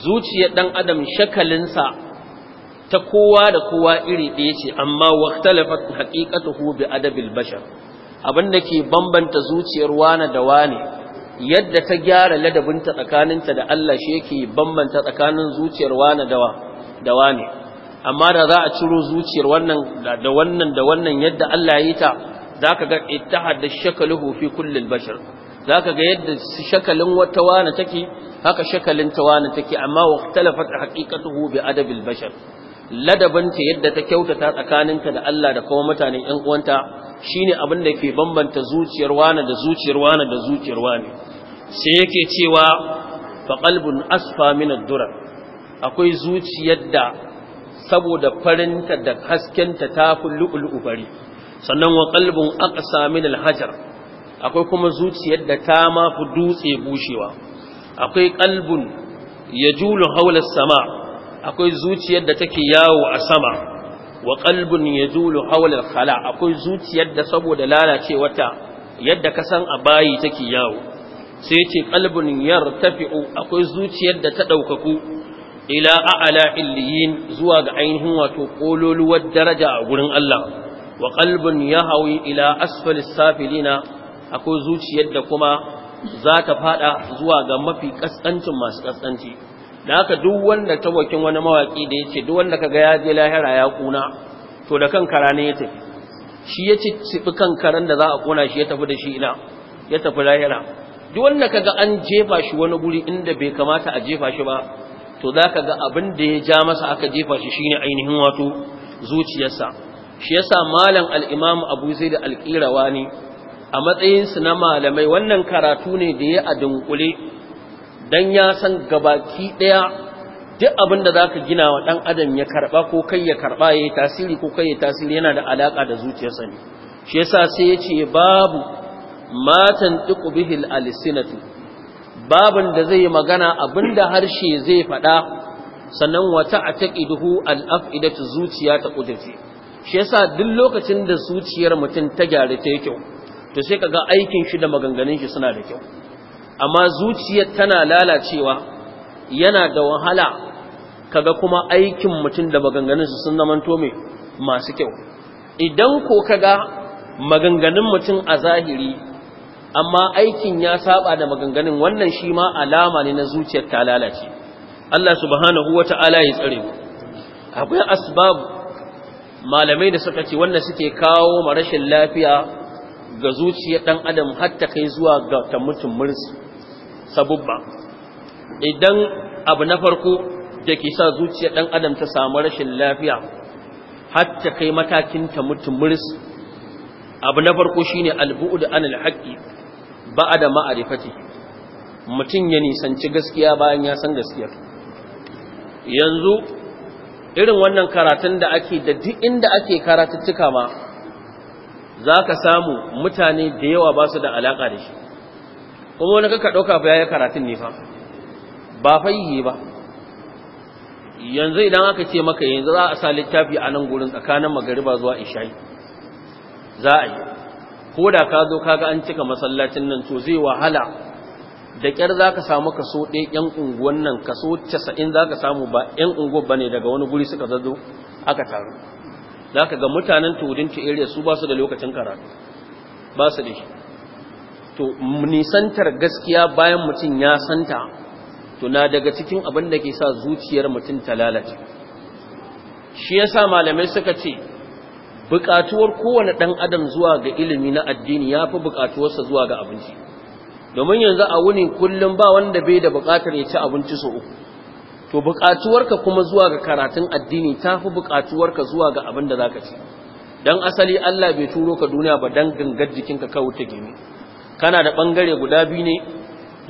zuciyar dan adam shakalinsa ta kowa da kowa iri ɗaya ce amma waktalafat haƙiƙatuhu bi adabil bashar abinda ke bambanta zuciyar wane da wane yadda ta gyara ladabinta tsakaninta da Allah shi yake bambanta tsakanin zuciyar wane da wane amma da za a ciro zuciyar wannan da wannan da wannan yadda Allah ya yi ta za ka ga ittihad da shakaluhu fi kulli bashar, za ka ga yadda shakalin wata wani take haka shakalin ta wani take amma talafat haqiqatuhu bi adabil adabil bashar ladabanta yadda ta kyautata tsakaninta da Allah da kuma mutanen ƴan uwanta shine abin da ke bambanta zuciyar wani da zuciyar wani da zuciyar wani sai yake cewa fa qalbun asfa min ad-durar akwai zuciyar da saboda farinta da haskenta ta fi lu'ulu'u bari sannan wa qalbun aqsa min alhajar akwai kuma zuciyar da ta ma fi dutse bushewa akwai qalbun yajulu hawla as-sama akwai zuciyar da take yawo a sama wa qalbun yajulu hawla al-khala akwai zuciyar da saboda lalacewata yadda ka san a bayi take yawo sai ce qalbun tafi'u akwai zuciyar da ta ɗaukaku. ila a'la illiyin zuwa ga ainihin wato kololuwar daraja a gurin Allah wa qalbun yahawi ila asfali safilina akwai zuciyar da kuma za ta fada zuwa ga mafi kaskancin masu kaskanci da haka duk wanda tawakin wani mawaki da yace duk wanda kaga ya je lahira ya kuna to da kan karane ne ya tafi shi ya ciccibi kan karan da za a kuna shi ya tafi da shi ina ya tafi lahira duk wanda kaga an jefa shi wani guri inda bai kamata a jefa shi ba to za ka ga abin da ya ja masa aka jefa shi shi ne ainihin wato zuciyarsa shi ya sa malam Al'imamu abu zai da alƙirawa ne a matsayinsu na malamai wannan karatu ne da ya a don ya san gabaki ɗaya duk abin da za ka gina wa ɗan adam ya karɓa ko kai ya karɓa ya yi tasiri ko kai ya tasiri yana da alaƙa da zuciyarsa ne shi ya sa sai ya ce babu matan ɗiƙu bihil alisinatu babin da zai magana abinda harshe zai faɗa sannan wata a ta taƙiduhu al'af'idatu zuciya ta ƙudurce shi yasa duk lokacin da zuciyar mutum ta gyara ta yi kyau to sai ka ga aikin shi da maganganun shi suna da kyau amma zuciyar tana lalacewa yana da wahala kaga kuma aikin mutum da maganganun su sun zamanto mai masu kyau idan ko ka ga maganganun mutum a zahiri amma aikin ya saba da maganganun wannan shi ma alama ne na zuciyar ta lalace Allah subhanahu wata'ala ya tsare mu akwai asbab malamai da suka ce wannan suke kawo ma rashin lafiya ga zuciyar dan adam har ta kai zuwa ga ta mutum mursi sabubba idan abu na farko da ke sa zuciyar dan adam ta samu rashin lafiya har ta kai matakin ta mutum mursi abu na farko shine albu'd anil haqqi a ba da ma'arifati mutum ya nisanci gaskiya bayan ya san gaskiyar yanzu irin wannan karatun da ake da duk inda ake karatuttuka ma za ka samu mutane da yawa ba su da alaƙa da shi kuma wani kaka ɗauka ba ya karatun ne fa ba yi ba yanzu idan aka ce maka yanzu za a sa littafi a nan gurin tsakanin magariba zuwa ishayi za a yi ko da ka zo kaga an cika masallacin nan to zai wahala da kyar za ka samu kaso ɗaya ‘yan unguwan nan kaso casa'in za ka samu ba ‘yan unguwan ba ne daga wani guri suka zazzo aka taru za ka ga mutanen ta area su ba su da lokacin karatu ba su da shi to nisantar gaskiya bayan mutum ya santa to na daga cikin abin da ke sa zuciyar mutum ta lalace shi yasa malamai suka ce Bukatuwar kowane ɗan adam zuwa ga ilimi na addini ya fi bukatuwarsa zuwa ga abinci domin yanzu a wuni kullum ba wanda bai da bukatar ya ci abinci su uku to bukatuwarka kuma zuwa ga karatun addini ta fi bukatuwarka zuwa ga abin da za ka ci don asali allah bai turo ka duniya ba don gangar jikinka kawo ta gini kana da ɓangare guda biyu ne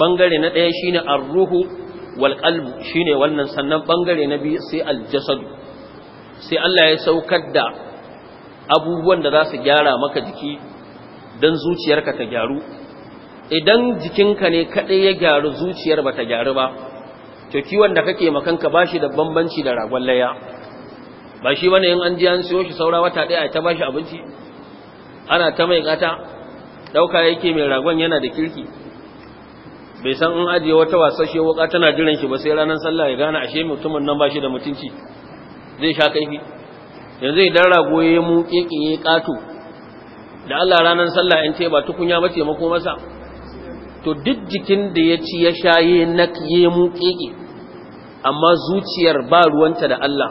ɓangare na ɗaya shine arruhu wal qalbu shine wannan sannan ɓangare na biyu sai aljasadu sai allah ya saukar da abubuwan da za su gyara maka jiki don zuciyarka ta gyaru idan jikinka ne kaɗai ya gyaru zuciyar ba ta gyaru ba to kiwon da kake makanka ba shi da bambanci da ragon laya ba shi bane yin an ji an siyo shi saura wata ɗaya ta ba shi abinci ana ta mai gata ɗauka yake mai ragon yana da kirki bai san in ajiye wata wasashe wuka tana jiran shi ba sai ranar sallah ya gane ashe mutumin nan ba shi da mutunci zai sha kaifi yanzu idan rago ya mu kekiye kato da Allah ranar sallah in ce ba tukunya ba ce mako masa to duk jikin da ya ci ya shaye na ya mu keke amma zuciyar ba ruwanta da Allah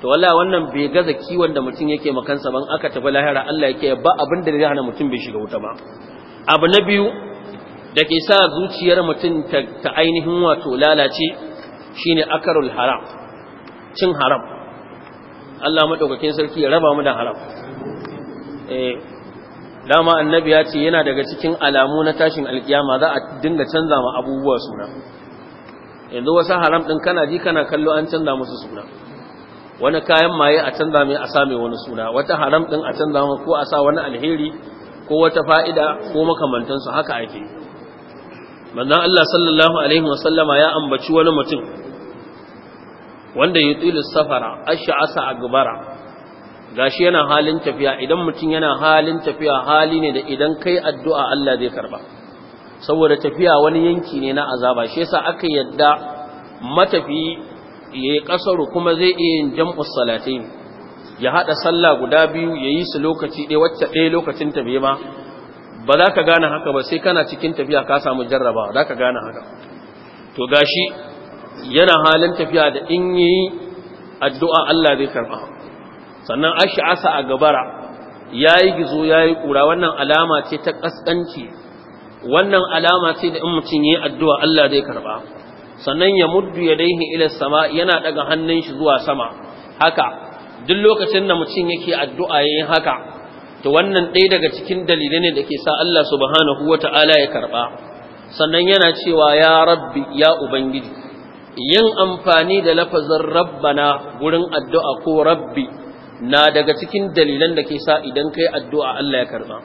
to wallahi wannan bai gaza kiwon da mutum yake makansa ban aka tafi lahira Allah yake ba abin da zai hana mutum bai shiga wuta ba abu na biyu da ke sa zuciyar mutum ta ainihin wato lalace shine akarul haram cin haram Allah maɗaukakin sarki ya raba mu da haram eh dama annabi ya ce yana daga cikin alamu na tashin alkiyama za a dinga canza ma abubuwa suna yanzu wasu haram ɗin kana ji kana kallo an canza musu suna wani kayan maye a canza mai a same wani suna wata haram din a canza mai ko a sa wani alheri ko wata fa'ida ko makamantansu haka ake manzon Allah sallallahu alaihi wasallama ya ambaci wani mutum wanda ya tsili safara ashi asa a gubara gashi yana halin tafiya idan mutum yana halin tafiya hali ne da idan kai addu'a Allah zai karba saboda tafiya wani yanki ne na azaba shi yasa aka yadda matafi ya yi kasaru kuma zai iya yin jam’us salatin ya haɗa sallah guda biyu ya yi su lokaci ɗaya wacce ɗaya lokacin tafi ma ba za ka gane haka ba sai kana cikin tafiya ka samu jarraba za ka gane haka to gashi yana halin tafiya da in yi addu'a Allah zai karɓa sannan asa a gabara ya yi gizo ya yi ƙura, wannan alama ce ta kaskanci wannan alama ce da in mutum yayi addu'a Allah zai karɓa sannan ya muddu yadayhi ila sama yana daga hannun shi zuwa sama haka duk lokacin da mutum yake addu'a ya yi haka to wannan ɗaya daga cikin dalilai ne da ke sa Allah subhanahu ta'ala ya karɓa sannan yana cewa ya rabbi ya ubangiji yin amfani da lafazin rabbana gurin addu'a ko rabbi na daga cikin dalilan da ke sa idan ka yi addu'a Allah ya karba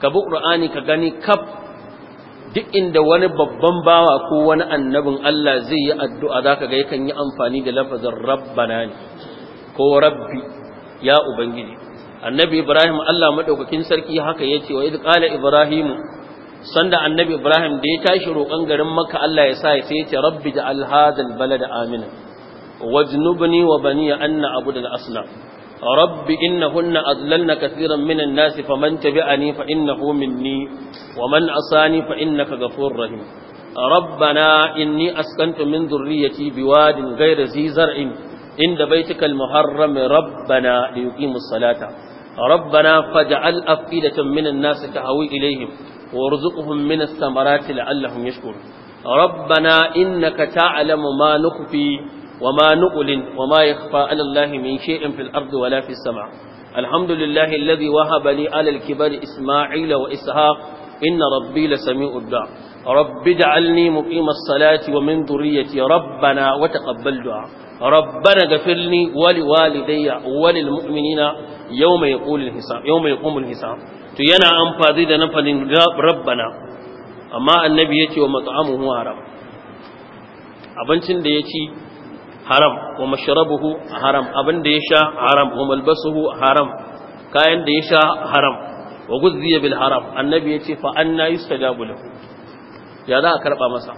ka bi ƙur'ani ka gani kaf duk inda wani babban bawa ko wani annabin Allah zai yi addu'a za ka ga yakan yi amfani da lafazin rabbana ne ko rabbi ya ubangiji annabi ibrahim Allah maɗaukakin sarki haka ya ce, wa 'idu ƙala ibrahim sanda annabi ibrahim da ya tashi roƙon garin makka Allah ya sa ya sai rabbi da alhadal balada amina wajnubni wa bani anna abu da asnam rabbi innahunna adlalna kathiran minan nas faman tabi'ani fa innahu minni wa man asani fa innaka ghafurur rahim ربنا إني أسكنت من ذريتي بواد غير ذي زرع عند بيتك المحرم ربنا ليقيموا الصلاة ربنا فاجعل أفئدة من الناس تهوي إليهم warzuqhum min as-samarati la'allahum yashkurun rabbana innaka ta'lamu ma nukhfi wa ma nuqlin wa ma yakhfa 'ala allahi min shay'in fil ardi wa la fis sama' alhamdulillahi alladhi wahaba li 'ala al-kibari isma'ila wa ishaq inna rabbi lasami'ud du'a رب اجعلني مقيم الصلاة ومن ذريتي ربنا وتقبل دعاء ربنا اغفر لي ولوالدي وللمؤمنين يوم يقول الحساب يوم يقوم الحساب to yana amfani da nafalin rabbana amma annabi ya ce wa mat'amuhu haram abincin da ya ci haram wa mashrabuhu haram abin da ya sha haram wa malbasuhu haram kayan da ya sha haram wa guzziya bil haram annabi ya ce fa anna yustajabu lahu ya za a karba masa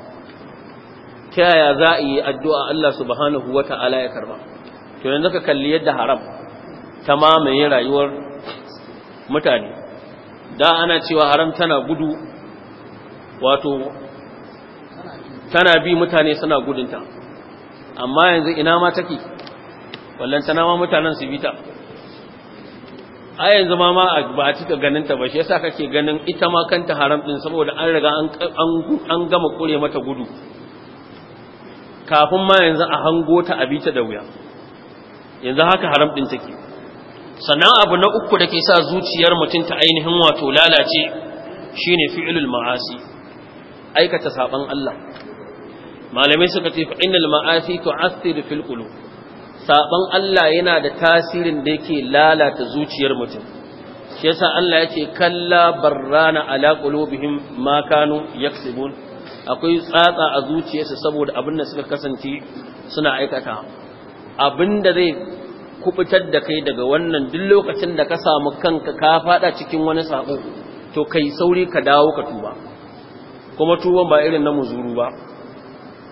ta yaya za a yi addu'a Allah subhanahu wata'ala ya karba to yanzu ka kalli yadda haram ta mamaye rayuwar mutane da ana cewa haram tana gudu wato tana bi mutane suna gudunta amma yanzu ina ma take wallantana ma mutanen su bita a yanzu ma ma ba a cika ganinta ba shi yasa kake ganin ita ma kanta haram din saboda an riga an gama kure mata gudu kafin ma yanzu a hango ta a bita da wuya yanzu haka haram din take sannan abu na uku da ke sa zuciyar mutum ta ainihin wato lalace shi ne fi'ilul ma'asi aikata saban Allah malamai suka ce fi'ilul ma'asi to fil qulub saban Allah yana da tasirin da yake lalata zuciyar mutum shi yasa Allah yace kalla barrana ala buhin makanu ya ksibun akwai tsatsa a zuciyarsa saboda abin da suka kasance suna aikata abin da zai kubutar da kai daga wannan duk lokacin da ka samu kanka ka fada cikin wani sako to kai sauri ka dawo ka tuba kuma tuban ba irin na muzuru ba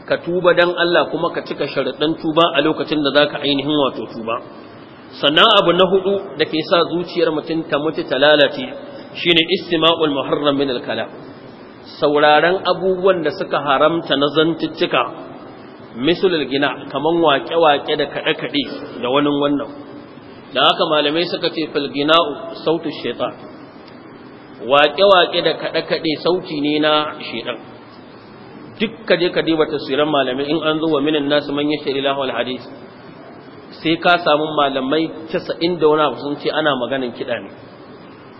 ka tuba dan Allah kuma ka cika sharadan tuba a lokacin da zaka ainihin wato tuba sannan abu na hudu da ke sa zuciyar mutum ta mutu ta lalace shine istima'ul muharram min al-kalam sauraron abubuwan da suka haramta na zantuttuka misulul gina kaman waƙe-waƙe da kaɗe-kaɗe da wani wannan da haka malamai suka ce filgina'u sautu shaitan waƙe-waƙe da kaɗe-kaɗe sauti ne na shaitan duk kaje ka diba tasirin malamai in an zo wa minan nasu man yashari lahul hadis sai ka samu malamai 90 inda wani abu sun ce ana maganin kiɗa ne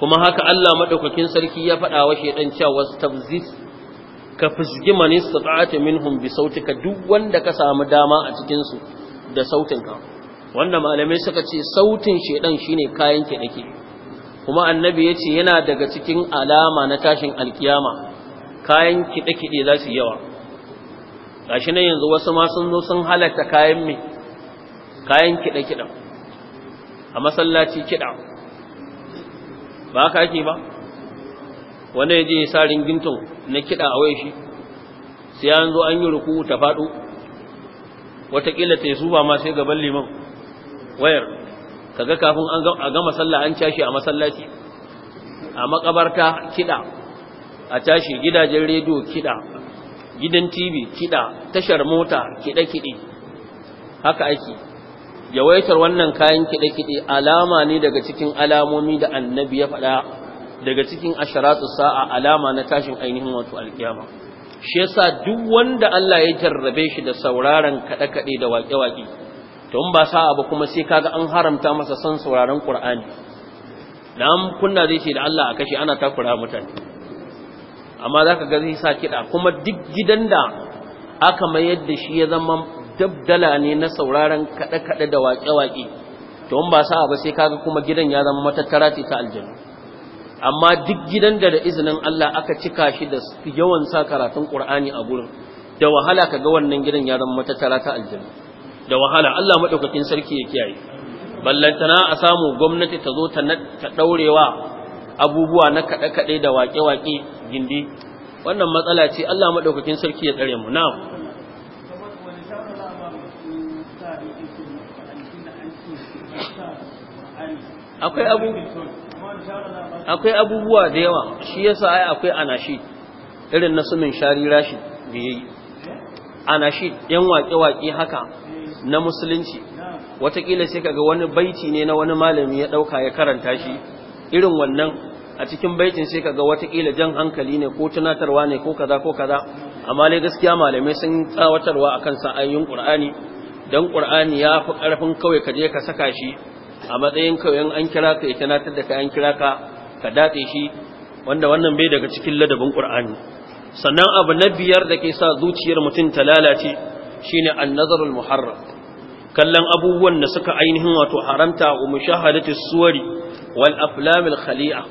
kuma haka Allah madaukakin sarki ya faɗa wa shaitan cewa tabzis ka su man min minhum bi sautika duk wanda ka samu dama a cikin su da ka. wanda malamai suka ce sautin shedan shine kayan dake kuma annabi ya ce yana daga cikin alama na tashin alkiyama kayan kide-kide za su yawa gashi nan yanzu wasu ma sun zo sun halatta kayan me kayan a masallaci kiɗa. ba ka ake ba wanda ya je ya sa na kiɗa a waye shi sai an zo an yi ruku ta faɗo Wataƙila ta yi zuba ma sai gaban liman wayar kaga kafin a gama sallah an cashe a masallaci a makabarta kiɗa a tashi gidajen rediyo kiɗa gidan tv kiɗa tashar mota kiɗe-kiɗe haka aiki yawaitar wannan kayan kiɗe-kiɗe alama ne daga cikin alamomi da annabi ya faɗa daga cikin asharatu sa'a alama na tashin ainihin wato alkiyama shi yasa duk wanda Allah ya jarrabe shi da sauraron kada kade da waƙe-waƙe to in ba sa'a ba kuma sai kaga an haramta masa san sauraron Qur'ani dan kunna zai ce da Allah a kashe ana takura mutane amma zaka ga zai sa kiɗa kuma duk gidan da aka mayar da shi ya zama dabdala ne na sauraron kada kade da waƙe-waƙe to in ba sa'a ba sai kaga kuma gidan ya zama matattara ce ta aljanna amma duk gidan da da izinin Allah aka cika shi da yawan sa karatun Qur'ani a gurin da wahala kaga wannan gidan ya zama matattara ta aljanna da wahala Allah madaukakin sarki ya kiyaye ballantana a samu gwamnati ta zo ta daurewa abubuwa na kada kade da waƙe-waƙe gindi wannan matsala ce Allah madaukakin sarki ya tsare mu na'am akwai abubuwa akwai abubuwa da yawa shi yasa ai akwai anashi irin na sumin shari rashi da yayi Anashi yan waƙe waƙe haka na musulunci watakila sai kaga wani baiti ne na wani malami ya ɗauka ya karanta shi irin wannan a cikin baitin sai kaga watakila jan hankali ne ko tunatarwa ne ko kaza ko kaza amma dai gaskiya malamai sun tsawatarwa akan sa ayyun Qur'ani dan Qur'ani ya fi karfin kawai je ka saka shi a matsayin kawai an kira ka ya tanatar da ka an kira ka ka datse shi wanda wannan bai daga cikin ladabin Ƙur'ani. sannan abu na biyar da ke sa zuciyar mutum ta lalace shine annazarul muharram kallon abubuwan da suka ainihin wato haramta wa mushahadatu suwari wal aflamil khali'a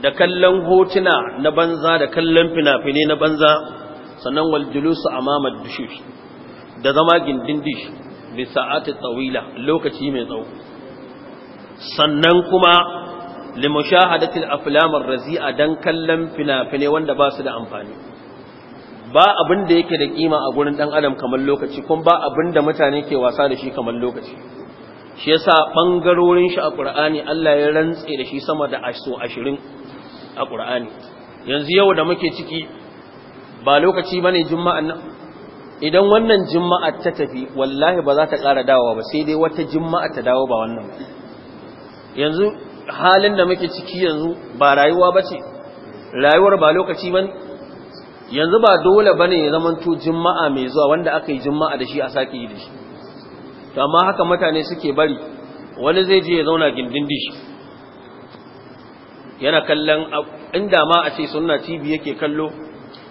da kallon hotuna na banza da kallon fina-finai na banza sannan wal julusu amama dushush da zama gindin dish bi sa'ati tawila lokaci mai tsawo sannan kuma limushahadatil aflamar razi'a dan kallon fina-finai wanda ba su da amfani ba abin da yake da kima a gurin dan adam kamar lokaci kuma ba abin da mutane ke wasa da shi kamar lokaci shi yasa bangarorin shi a Qur'ani Allah ya rantse da shi sama da aso 20 a Qur'ani yanzu yau da muke ciki ba lokaci bane juma'an nan idan wannan juma'a ta tafi wallahi ba za ta ƙara dawowa ba sai dai wata juma'a ta dawo ba wannan yanzu halin da muke ciki yanzu ba rayuwa ba ce rayuwar ba lokaci ba yanzu ba dole ba ne zamanto jima'a mai zuwa wanda aka yi jima'a da shi a sake yi da shi to amma haka mutane suke bari wani zai je ya zauna gindin dishi yana kallon inda ma a ce sunna tv yake kallo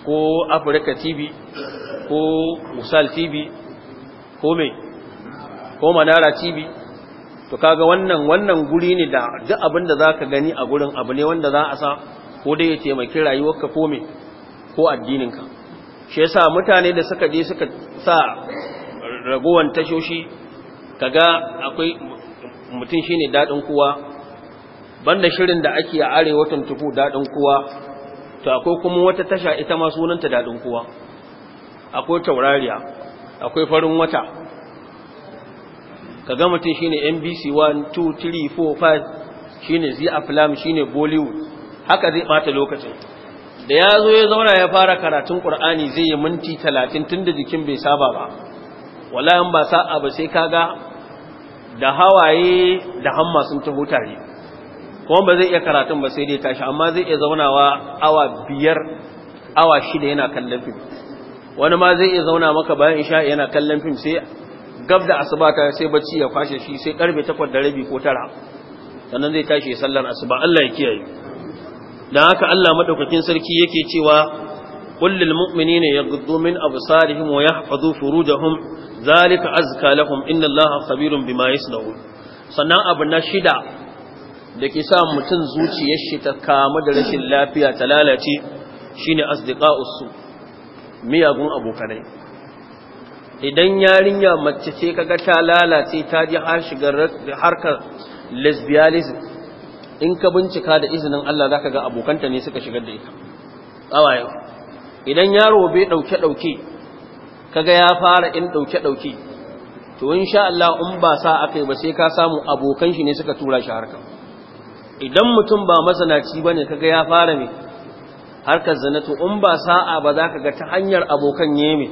ko afirka tv ko musal tv ko mai ko manara tv to kaga wannan wannan guri ne da duk abin da zaka gani a gurin abu ne wanda za a sa ko dai ya taimaki rayuwarka ko me ko addininka shi yasa mutane da suka je suka sa ragowan tashoshi kaga akwai mutum shine dadin kowa banda shirin da ake a tun tufu dadin kowa to akwai kuma wata tasha ita ma sunanta dadin kowa akwai taurariya akwai farin wata ka ga mutum ne NBC 1 2 3 4 5 shine Zee shi ne Bollywood haka zai bata lokacin da ya zo ya zauna ya fara karatun ƙur'ani zai yi minti 30 da jikin bai saba ba wallahi ba sa'a ba sai kaga da hawaye da hamma sun taho tare kuma ba zai iya karatun ba sai dai tashi amma zai iya zaunawa awa biyar awa shida yana kallon fim wani ma zai iya zauna maka bayan isha yana kallon fim sai gab da asuba ta sai bacci ya kwashe shi sai karfe 8 da rabi ko tara sannan zai tashi sallar asuba Allah ya kiyaye dan haka Allah madaukakin sarki yake cewa qul lil mu'minina yaghuddu min absarihim wa yahfazu furujahum zalika azka lahum inna Allaha khabirun bima yasnaun sannan abu na shida da ke sa mutum zuciyar shi ta kamu da rashin lafiya ta lalace shine asdiqa'us su miyagun abokanai idan yarinya mace ce kaga ta lalace ta ji har shigar harkar lesbianism in ka bincika da izinin Allah zaka ga abokanta ne suka shigar da ita tsawaye idan yaro bai dauke dauke kaga ya fara in dauke dauke to insha Allah in ba sa akai ba sai ka samu abokan shi ne suka tura shi harkar idan mutum ba masanaci bane kaga ya fara me harkar zina to in ba sa'a ba zaka ga ta hanyar abokan ne mai.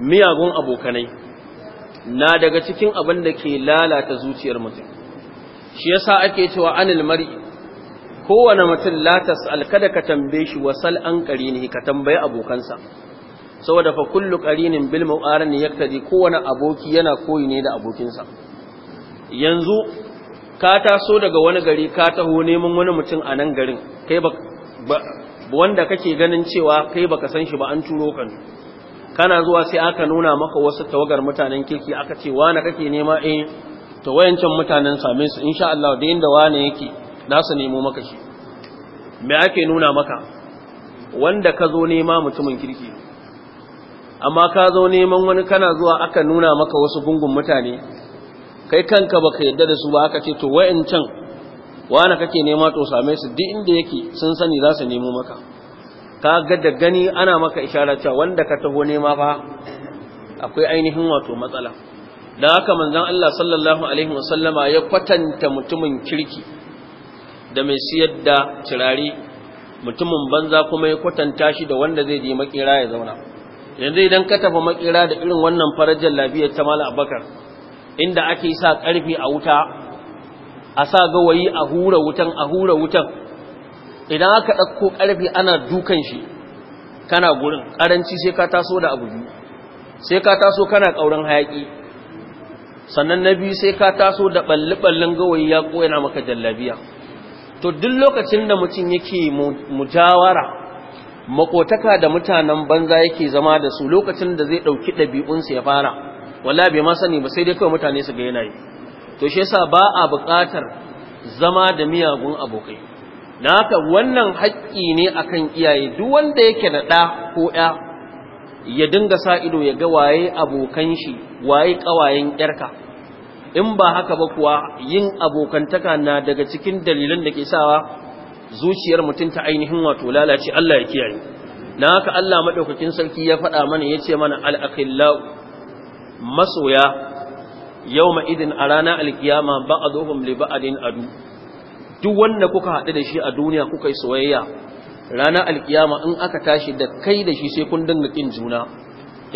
miyagun abokanai na daga cikin abin da ke lalata zuciyar mutum shi yasa ake cewa anil mar'i kowane mutum latas alkada ka tambaye shi wasal an qarini ka tambaye abokansa saboda fa kullu qarinin bil mu'arani yaktadi kowane aboki yana koyi ne da abokinsa yanzu ka taso daga wani gari ka taho neman wani mutum a nan garin kai ba wanda kake ganin cewa kai baka san shi ba an turo kanu kana zuwa sai aka nuna maka wasu tawagar mutanen kirki aka ce wane kake nema eh to wayancan mutanen same su insha Allah da inda wani yake za su nemo maka shi me ake nuna maka wanda ka zo nema mutumin kirki amma ka zo neman wani kana zuwa aka nuna maka wasu gungun mutane kai kanka baka yadda da su ba aka ce to wayancan wane kake nema to same su duk inda yake sun sani za su nemo maka ka ga da gani ana maka ishara cewa wanda ka taho nema fa akwai ainihin wato matsala da haka manzon Allah sallallahu alaihi wasallama ya kwatanta mutumin kirki da mai siyar da turare mutumin banza kuma ya kwatanta shi da wanda zai je maƙera ya zauna yanzu idan ka tafi makera da irin wannan farajar lafiyar ta mala abakar inda ake sa karfi a wuta a sa gawayi a hura wutan a hura wutan idan aka ɗauko ƙarfe ana dukan shi kana gurin ƙaranci sai ka taso da abu biyu sai ka taso kana ƙaurin hayaƙi sannan na biyu sai ka taso da ɓalli-ɓallin gawayi ya yana maka jallabiya to duk lokacin da mutum yake mujawara makotaka da mutanen banza yake zama da su lokacin da zai ɗauki ɗabi'unsu ya fara wala bai ma sani ba sai dai kawai mutane su ga yanayi to shi yasa ba a buƙatar zama da miyagun abokai na haka wannan haƙƙi ne akan iyaye duk wanda yake da ɗa ko ya ya dinga sa ido ya ga waye abokan shi waye ƙawayen ƴarka in ba haka ba kuwa yin abokantaka na daga cikin dalilan da ke sawa zuciyar mutum ta ainihin wato lalace Allah ya kiyaye na haka Allah madaukakin sarki ya faɗa mana ya ce mana al-akhillau masoya yawma idin a ranar alkiyama ba'aduhum li ba'adin adu duk wanda kuka haɗu da shi a duniya kuka yi soyayya rana alkiyama in aka tashi da kai da shi sai kun dinga kin juna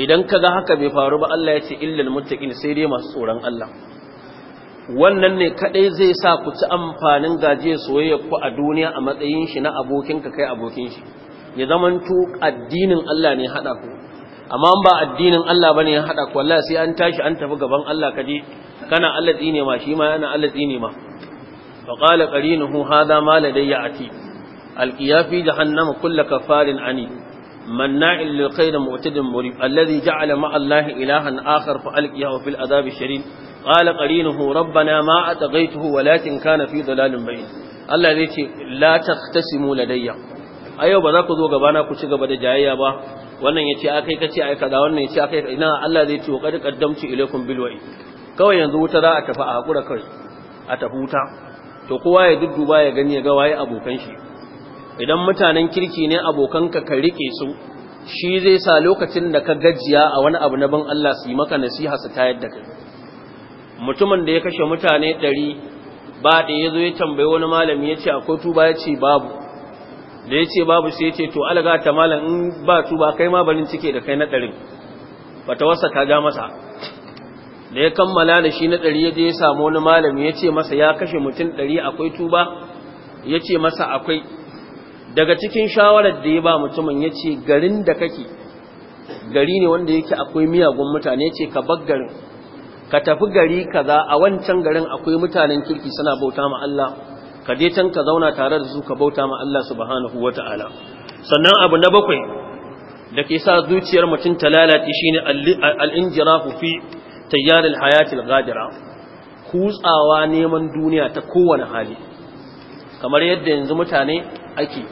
idan ka ga haka bai faru ba Allah ya ce illal muttaqin sai dai masu tsoron Allah wannan ne kadai zai sa ku ci amfanin gajiyar soyayya ku a duniya a matsayin shi na abokin ka kai abokin shi ya zaman to addinin Allah ne hada ku amma ba addinin Allah bane ya hada ku wallahi sai an tashi an tafi gaban Allah kaje kana Allah tsine ma shi ma yana Allah tsine ma فقال قرينه هذا ما لدي عتيد القيا في جهنم كل كفار عنيد مناع للخير معتد مريب الذي جعل مع الله إلها آخر فألقيه في العذاب الشديد قال قرينه ربنا ما أتغيته ولكن كان في ضلال بعيد الله يقول لا تختسموا لدي ayo ba za ku zo gabana ku ci gaba da jayayya ba wannan yace akai kace ai kaza wannan yace akai ina Allah zai ce wa qad qaddamtu ilaykum bil wa'i kawai yanzu wuta za a tafi a hakura kai a tafi wuta to kowa ya dudduba ya gani ya ga waye abokan shi idan mutanen kirki ne abokanka ka rike su shi zai sa lokacin da ka gajiya a wani abu na ban Allah su yi maka nasiha su tayar da kai mutumin da ya kashe mutane ɗari ba da ya ya tambayi wani malami ya ce akwai tuba ya babu da yace babu sai ya to alaga ta malam in ba tuba kai ma barin cike da kai na ɗarin ba ta wasa ta ja masa da ya kammala da shi na ɗari ya je ya samu wani malami ya ce masa ya kashe mutum ɗari akwai tuba ya ce masa akwai daga cikin shawarar da ya ba mutumin ya ce garin da kake gari ne wanda yake akwai miyagun mutane ya ce ka bar garin ka tafi gari kaza a wancan garin akwai mutanen kirki suna bauta ma Allah ka je can ka zauna tare da su ka bauta ma Allah subhanahu wataala sannan abu na bakwai da ke sa zuciyar mutum ta lalace shine al-injirafu tayyarin alhayatil ghadira kutsawa neman duniya ta kowane hali kamar yadda yanzu mutane ake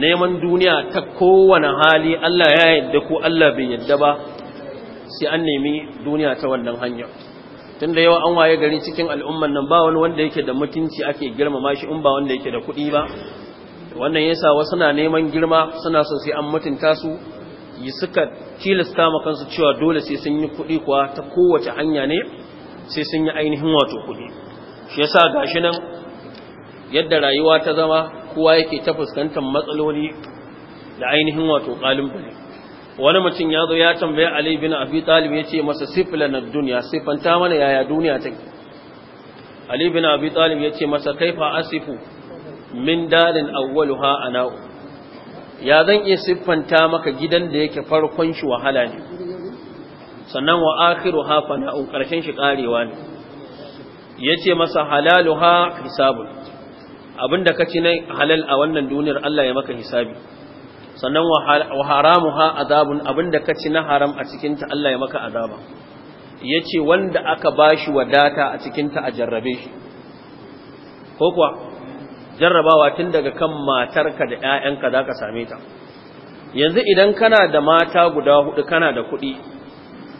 neman duniya ta kowane hali Allah ya yadda ko Allah bai yadda ba sai an nemi duniya ta wannan hanya Tunda da yawa an waye gari cikin al'umman nan ba wani wanda yake da mutunci ake girmama shi in ba wanda yake da kuɗi ba wannan yasa wasu na neman girma suna so sai an mutunta su yi suka tilasta ma cewa dole sai sun yi kuɗi kuwa ta kowace hanya ne sai sun yi ainihin wato kuɗi shi yasa gashi nan yadda rayuwa ta zama kowa yake ta fuskantar matsaloli da ainihin wato ƙalubale wani mutum ya zo ya tambaya Ali bin Abi Talib ya ce masa na duniya sifanta mana yaya duniya take Ali bin Abi Talib ya ce masa kaifa asifu min dalin awwaluha ana'u ya zan iya siffanta maka gidan da yake farkon shi wahala ne sannan wa akhiru ha un karshen shi karewa ne yace masa halalu ha hisabun abinda ka ci na halal a wannan duniyar Allah ya maka hisabi sannan wa haramu ha azabun abinda ka ci na haram a cikin ta Allah ya maka azaba yace wanda aka bashi wadata a cikin ta a jarrabe shi ko kuwa jarrabawa tun daga kan matarka da ‘ya'yanka za ka same ta yanzu idan kana da mata guda hudu kana da kuɗi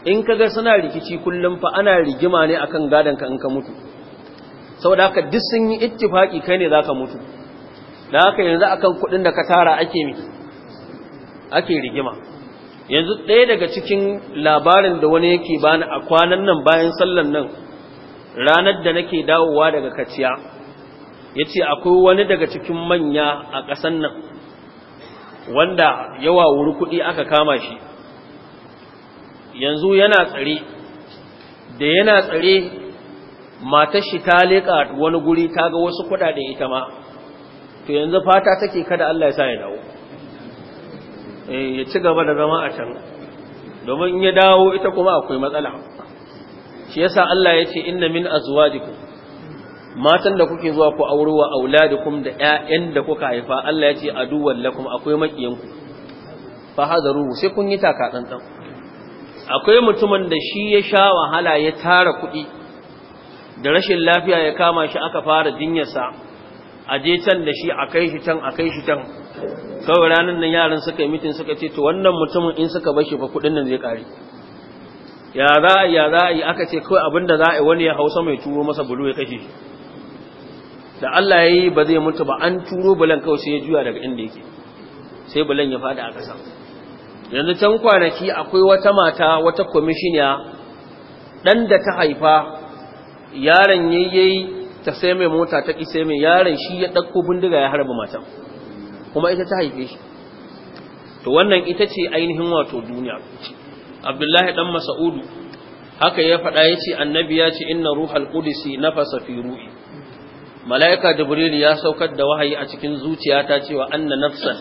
in ka ga suna rikici kullum fa ana rigima ne akan ka in ka mutu da haka duk sun yi ittifaki kai ne za ka mutu da haka yanzu akan kuɗin da ka tara ake mi ake rigima yanzu ɗaya daga cikin labarin da wani yake bani a kwanan nan bayan sallan nan ranar da nake dawowa daga kaciya ya ce akwai wani daga cikin manya a ƙasan nan wanda yawa wuri kuɗi aka kama shi yanzu yana tsare da yana tsare matar shi ta leƙa wani guri ta ga wasu kuɗaɗe ita ma to yanzu fata take kada Allah ya sa ya dawo eh, ya ci gaba da zama a can domin in ya dawo ita kuma akwai matsala shi yasa Allah ya ce inna min azwajikum matan da kuke zuwa ku auro wa auladukum da ƴaƴan da kuka haifa Allah ya ce adu lakum akwai makiyanku fa hadaru sai kun yi taka tsantsan akwai mutumin da shi ya sha wahala ya tara kuɗi da rashin lafiya ya kama shi aka fara dinyarsa a je can da shi a kai shi can a kai shi can kawai ranar nan yaran suka yi mitin suka ce to wannan mutumin in suka bashi fa kuɗin nan zai kare ya za ya za aka ce kawai abinda da za a yi wani ya hausa mai turo masa bulu ya kashe shi da Allah ya yi ba zai mutu ba an turo bulan kawai sai ya juya daga inda yake sai bulan ya fada a ƙasa yanzu can kwanaki akwai wata mata wata kwamishiniya ɗan da ta haifa yaron yayyayi ta sai mai mota ta ƙi sai mai yaron shi ya ɗauko bindiga ya harba matan kuma ita ta haife shi to wannan ita ce ainihin wato duniya abdullahi ɗan masa'udu haka ya faɗa ya ce annabi ya ce inna ruhal qudsi nafasa fi ru'i mala'ika jibril ya saukar da wahayi a cikin zuciyata cewa anna nafsa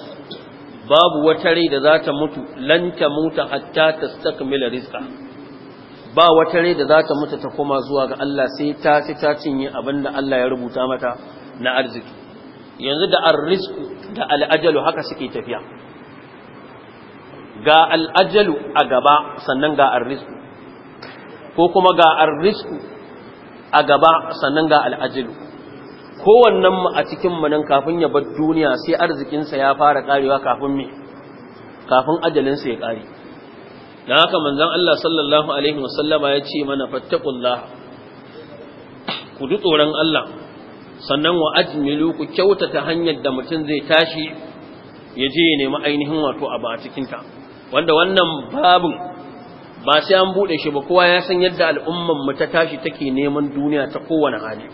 babu wata rai da za ta mutu lan ta mutu hatta stakmila rizqa ba wata rai da za ta mutu ta koma zuwa ga Allah sai ta ci ta cinye abin da Allah ya rubuta mata na arziki yanzu da arrisku da al'ajalu haka suke tafiya ga al'ajalu a gaba sannan ga arrisku ko kuma ga arrisku a gaba sannan ga al'ajalu kowannen mu a cikin mu nan kafin ya bar duniya sai arzikinsa ya fara karewa kafin me kafin ajalinsa ya kare dan haka manzon Allah sallallahu alaihi wasallama ya ce mana fattaqullah ku ji tsoron Allah sannan wa ajmilu ku kyautata hanyar da mutum zai tashi ya je ya nemi ainihin wato abu a cikin ta wanda wannan babu ba sai an bude shi ba kowa ya san yadda al'umman mu ta tashi take neman duniya ta kowane hali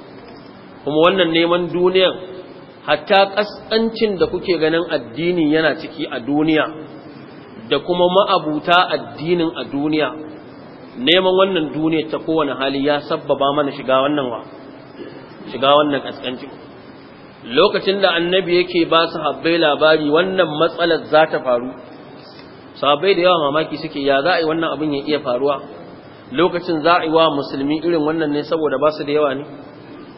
kuma wannan neman duniyar, hatta kaskancin da kuke ganin addini yana ciki a duniya da kuma ma'abuta addinin a duniya neman wannan duniya ta kowane hali ya sabbaba mana shiga wannan wa shiga wannan kaskancin lokacin da annabi yake ba su habbai labari wannan matsalar za ta faru sahabbai da yawa mamaki suke ya za a yi wannan abin ya iya faruwa lokacin za a yi wa musulmi irin wannan ne saboda ba su da yawa ne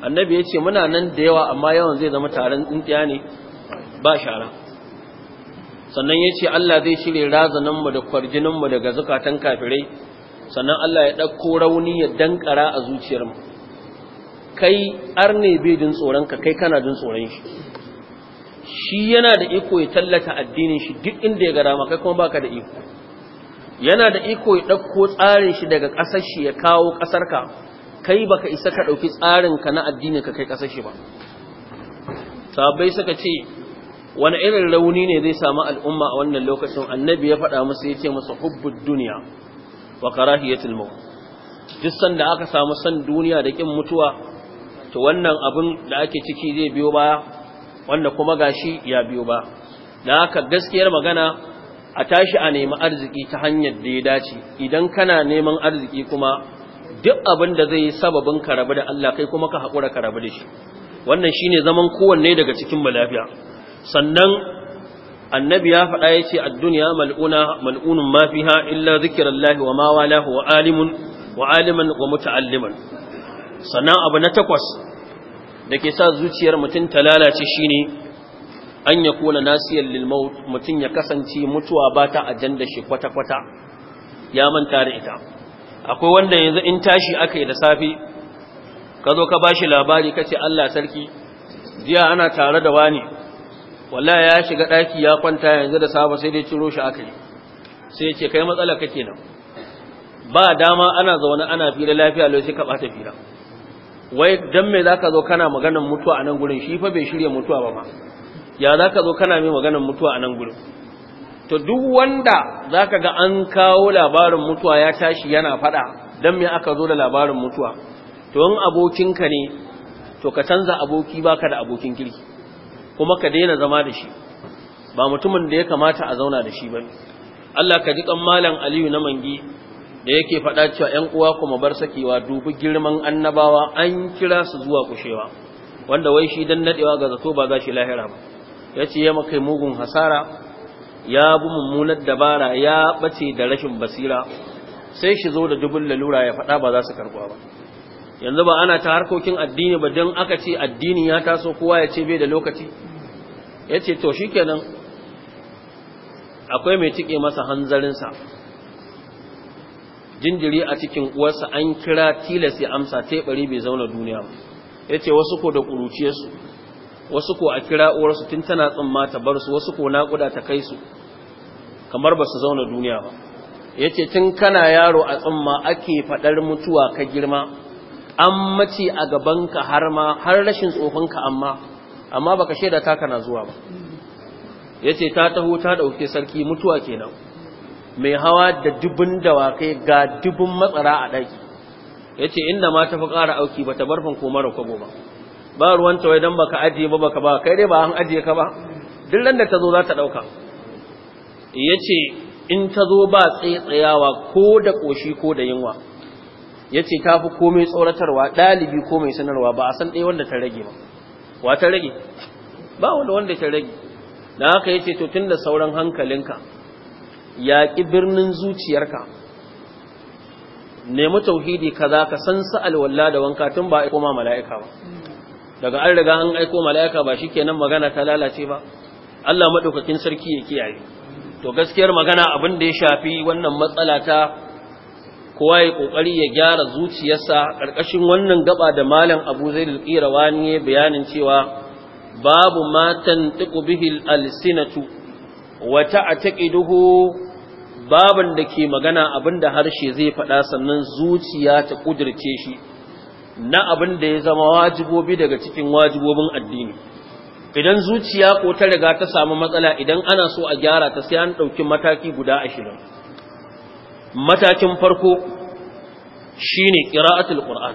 annabi ya ce muna nan da yawa amma yawan zai zama taron tsintiya ne ba shara sannan ya ce Allah zai shirya razaninmu da kwarjininmu daga zukatan kafirai sannan Allah ya ɗauko rauni ya dankara a zuciyarmu kai arne bai jin tsoronka kai kana jin tsoron shi shi yana da iko ya tallata addinin shi duk inda ya gara maka kuma baka da iko yana da iko ya ɗauko tsarin shi daga ƙasar shi ya kawo ƙasar ka. kai baka isa ka ɗauki ka na addini ka kai ƙasashe ba sabai suka ce wani irin rauni ne zai samu al'umma a wannan lokacin annabi ya faɗa musu yace ce musu hubbud duniya wa karahiyatul maut duk sanda aka samu san duniya da kin mutuwa to wannan abun da ake ciki zai biyo baya wanda kuma gashi ya biyo ba da haka gaskiyar magana a tashi a nemi arziki ta hanyar da ya dace idan kana neman arziki kuma duk abin da zai yi sababin ka da Allah kai kuma ka haƙura karabi da shi wannan shine zaman kowanne daga cikin malafiya. lafiya sannan annabi ya faɗa ya ce ad mal'una mal'unun mafiha, fiha illa zikrullahi wa ma wa alimun wa aliman wa muta'alliman sannan abu na takwas da ke sa zuciyar mutum ta lalace shine an ya kona nasiyar lilmaut mutum ya kasance mutuwa ba ta da shi kwata-kwata ya manta da ita akwai wanda yanzu in tashi aka yi da safe ka zo ka bashi labari ka ce Allah sarki jiya ana tare da wani walla ya shiga ɗaki ya kwanta yanzu da safa sai dai ciro shi aka yi sai ce kai matsala kake nan ba dama ana zaune ana fira lafiya lai sai ka bata fira wai dan me zaka zo kana maganar mutuwa a nan gurin shi fa bai shirye mutuwa ba ma ya zaka zo kana mai maganar mutuwa a nan gurin to duk wanda za ka ga an kawo labarin mutuwa ya tashi yana fada dan me aka zo da labarin mutuwa to in abokinka ne to ka canza aboki baka da abokin kirki kuma ka daina zama da shi ba mutumin da ya kamata a zauna da shi ba Allah ka ji kan malam Aliyu na mangi da yake faɗa cewa ‘yan uwa kuma bar sakewa dubi girman annabawa an kira su zuwa kushewa wanda wai shi don naɗewa ga zato ba za shi lahira ba ya ce ya makai mugun hasara ya bi mummunar dabara ya bace da rashin basira sai shi zo da dubin lalura ya faɗa ba za su karɓa ba yanzu ba ana ta harkokin addini ba don aka ce addini ya taso kowa ya ce bai da lokaci ya ce to shikenan akwai mai cike masa hanzarinsa jinjiri a cikin uwarsa an kira tilas ya amsa teɓari bai zauna duniya ba ya ce wasu ko da ƙuruciyarsu wasu ko a kira uwarsu tun tana tsamma ta bar su wasu ko naƙuda ta kai su kamar ba su zauna duniya ba ya tun kana yaro a tsamma ake faɗar mutuwa ka girma an mace a gabanka har ma har rashin ka amma amma baka shaida ta kana zuwa ba ya ta taho ta ɗauke sarki mutuwa kenan mai hawa da dubun dawakai ga dubun matsara a ɗaki Yace inda ma ta fi ƙara auki ba ta barfin ko mara ba ba ruwanta wai dan baka ajiye ba baka ba kai dai ba an ajiye ka ba duk ran da ta zo za ta dauka yace in ta zo ba tsayawa ko da koshi ko da yunwa yace ta fi komai tsoratarwa dalibi ko mai sanarwa ba a san dai wanda ta rage ba wa ta rage ba wanda wanda ta rage dan haka yace to tunda sauran hankalinka yaƙi birnin zuciyarka nemi tauhidi kaza ka san sa'al walla da wanka tun ba a koma mala'ika ba daga an riga an aiko mala'ika ba shi kenan magana ta lalace ba Allah maɗaukakin sarki ya kiyaye to gaskiyar magana abin da ya shafi wannan matsala ta kowa ya kokari ya gyara zuciyarsa ƙarƙashin wannan gaba da malam Abu Zaid al-Qirawani bayanin cewa babu matan tiqu bihi al-sinatu wa ta'taqiduhu baban da ke magana abinda harshe zai faɗa sannan zuciya ta kudirce shi na abin da ya zama wajibobi daga cikin wajibobin addini idan zuciya ko ta riga ta samu matsala idan ana so a gyara ta sai an ɗauki mataki guda ashirin matakin farko shine qira'atul qur'an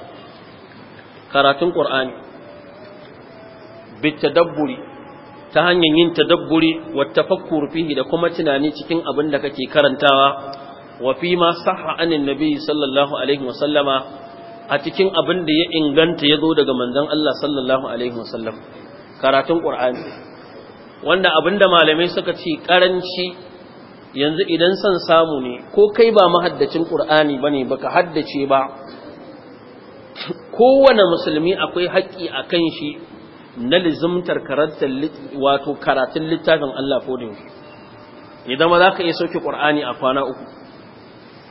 karatun qur'ani bitadabburi ta hanyar yin tadabburi wa tafakkur fihi da kuma tunani cikin abin da kake karantawa wa fi ma sahha anin nabi sallallahu alaihi wa a cikin abin da ya inganta ya zo daga manzan Allah sallallahu alaihi wasallam karatun Qur'ani wanda abin da malamai suka ce karanci yanzu idan son samu ne ko kai ba mahaddacin ba ne ba ka haddace ba kowane musulmi akwai haƙƙi a kan shi na lizimtar wato karatun littafin Allah ko da yaushe idan ma za ka iya sauke ƙur'ani a kwana uku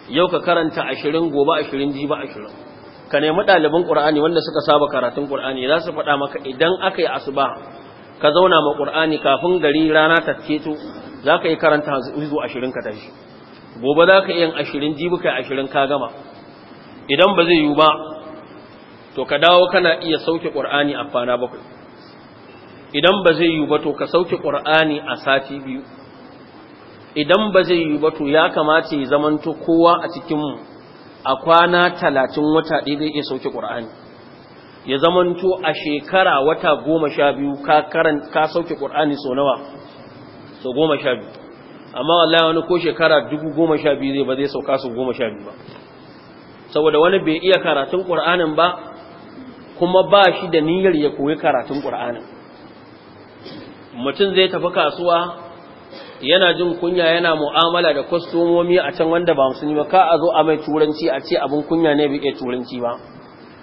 yau ka karanta ashirin gobe ashirin ba ashirin ka nemi ɗaliban ƙur'ani wanda suka saba karatun ƙur'ani za su faɗa maka idan aka yi asuba ka zauna ma ƙur'ani kafin gari rana ta ceto za ka yi karanta hizo ashirin ka tashi gobe za ka yin ashirin ji ka ashirin ka gama idan ba zai yiwu ba to ka dawo kana iya sauke ƙur'ani a kwana bakwai idan ba zai yiwu ba to ka sauke ƙur'ani a sati biyu idan ba zai yiwu ba to ya kamata ya zamanto kowa a cikinmu a kwana talatin wata ɗaya zai iya sauke ƙur'ani ya zamanto a shekara wata goma sha biyu ka sauke ƙur'ani sau nawa sau goma sha biyu amma wallahi wani ko shekara dubu goma sha biyu zai ba zai sauka sau goma sha biyu ba saboda wani bai iya karatun ƙur'anin ba kuma ba shi da niyyar ya koyi karatun ƙur'anin mutum zai tafi kasuwa yana jin kunya yana mu'amala da kwastomomi a can wanda ba musulmi ba ka a zo a mai turanci a ce abin kunya ne bai turanci ba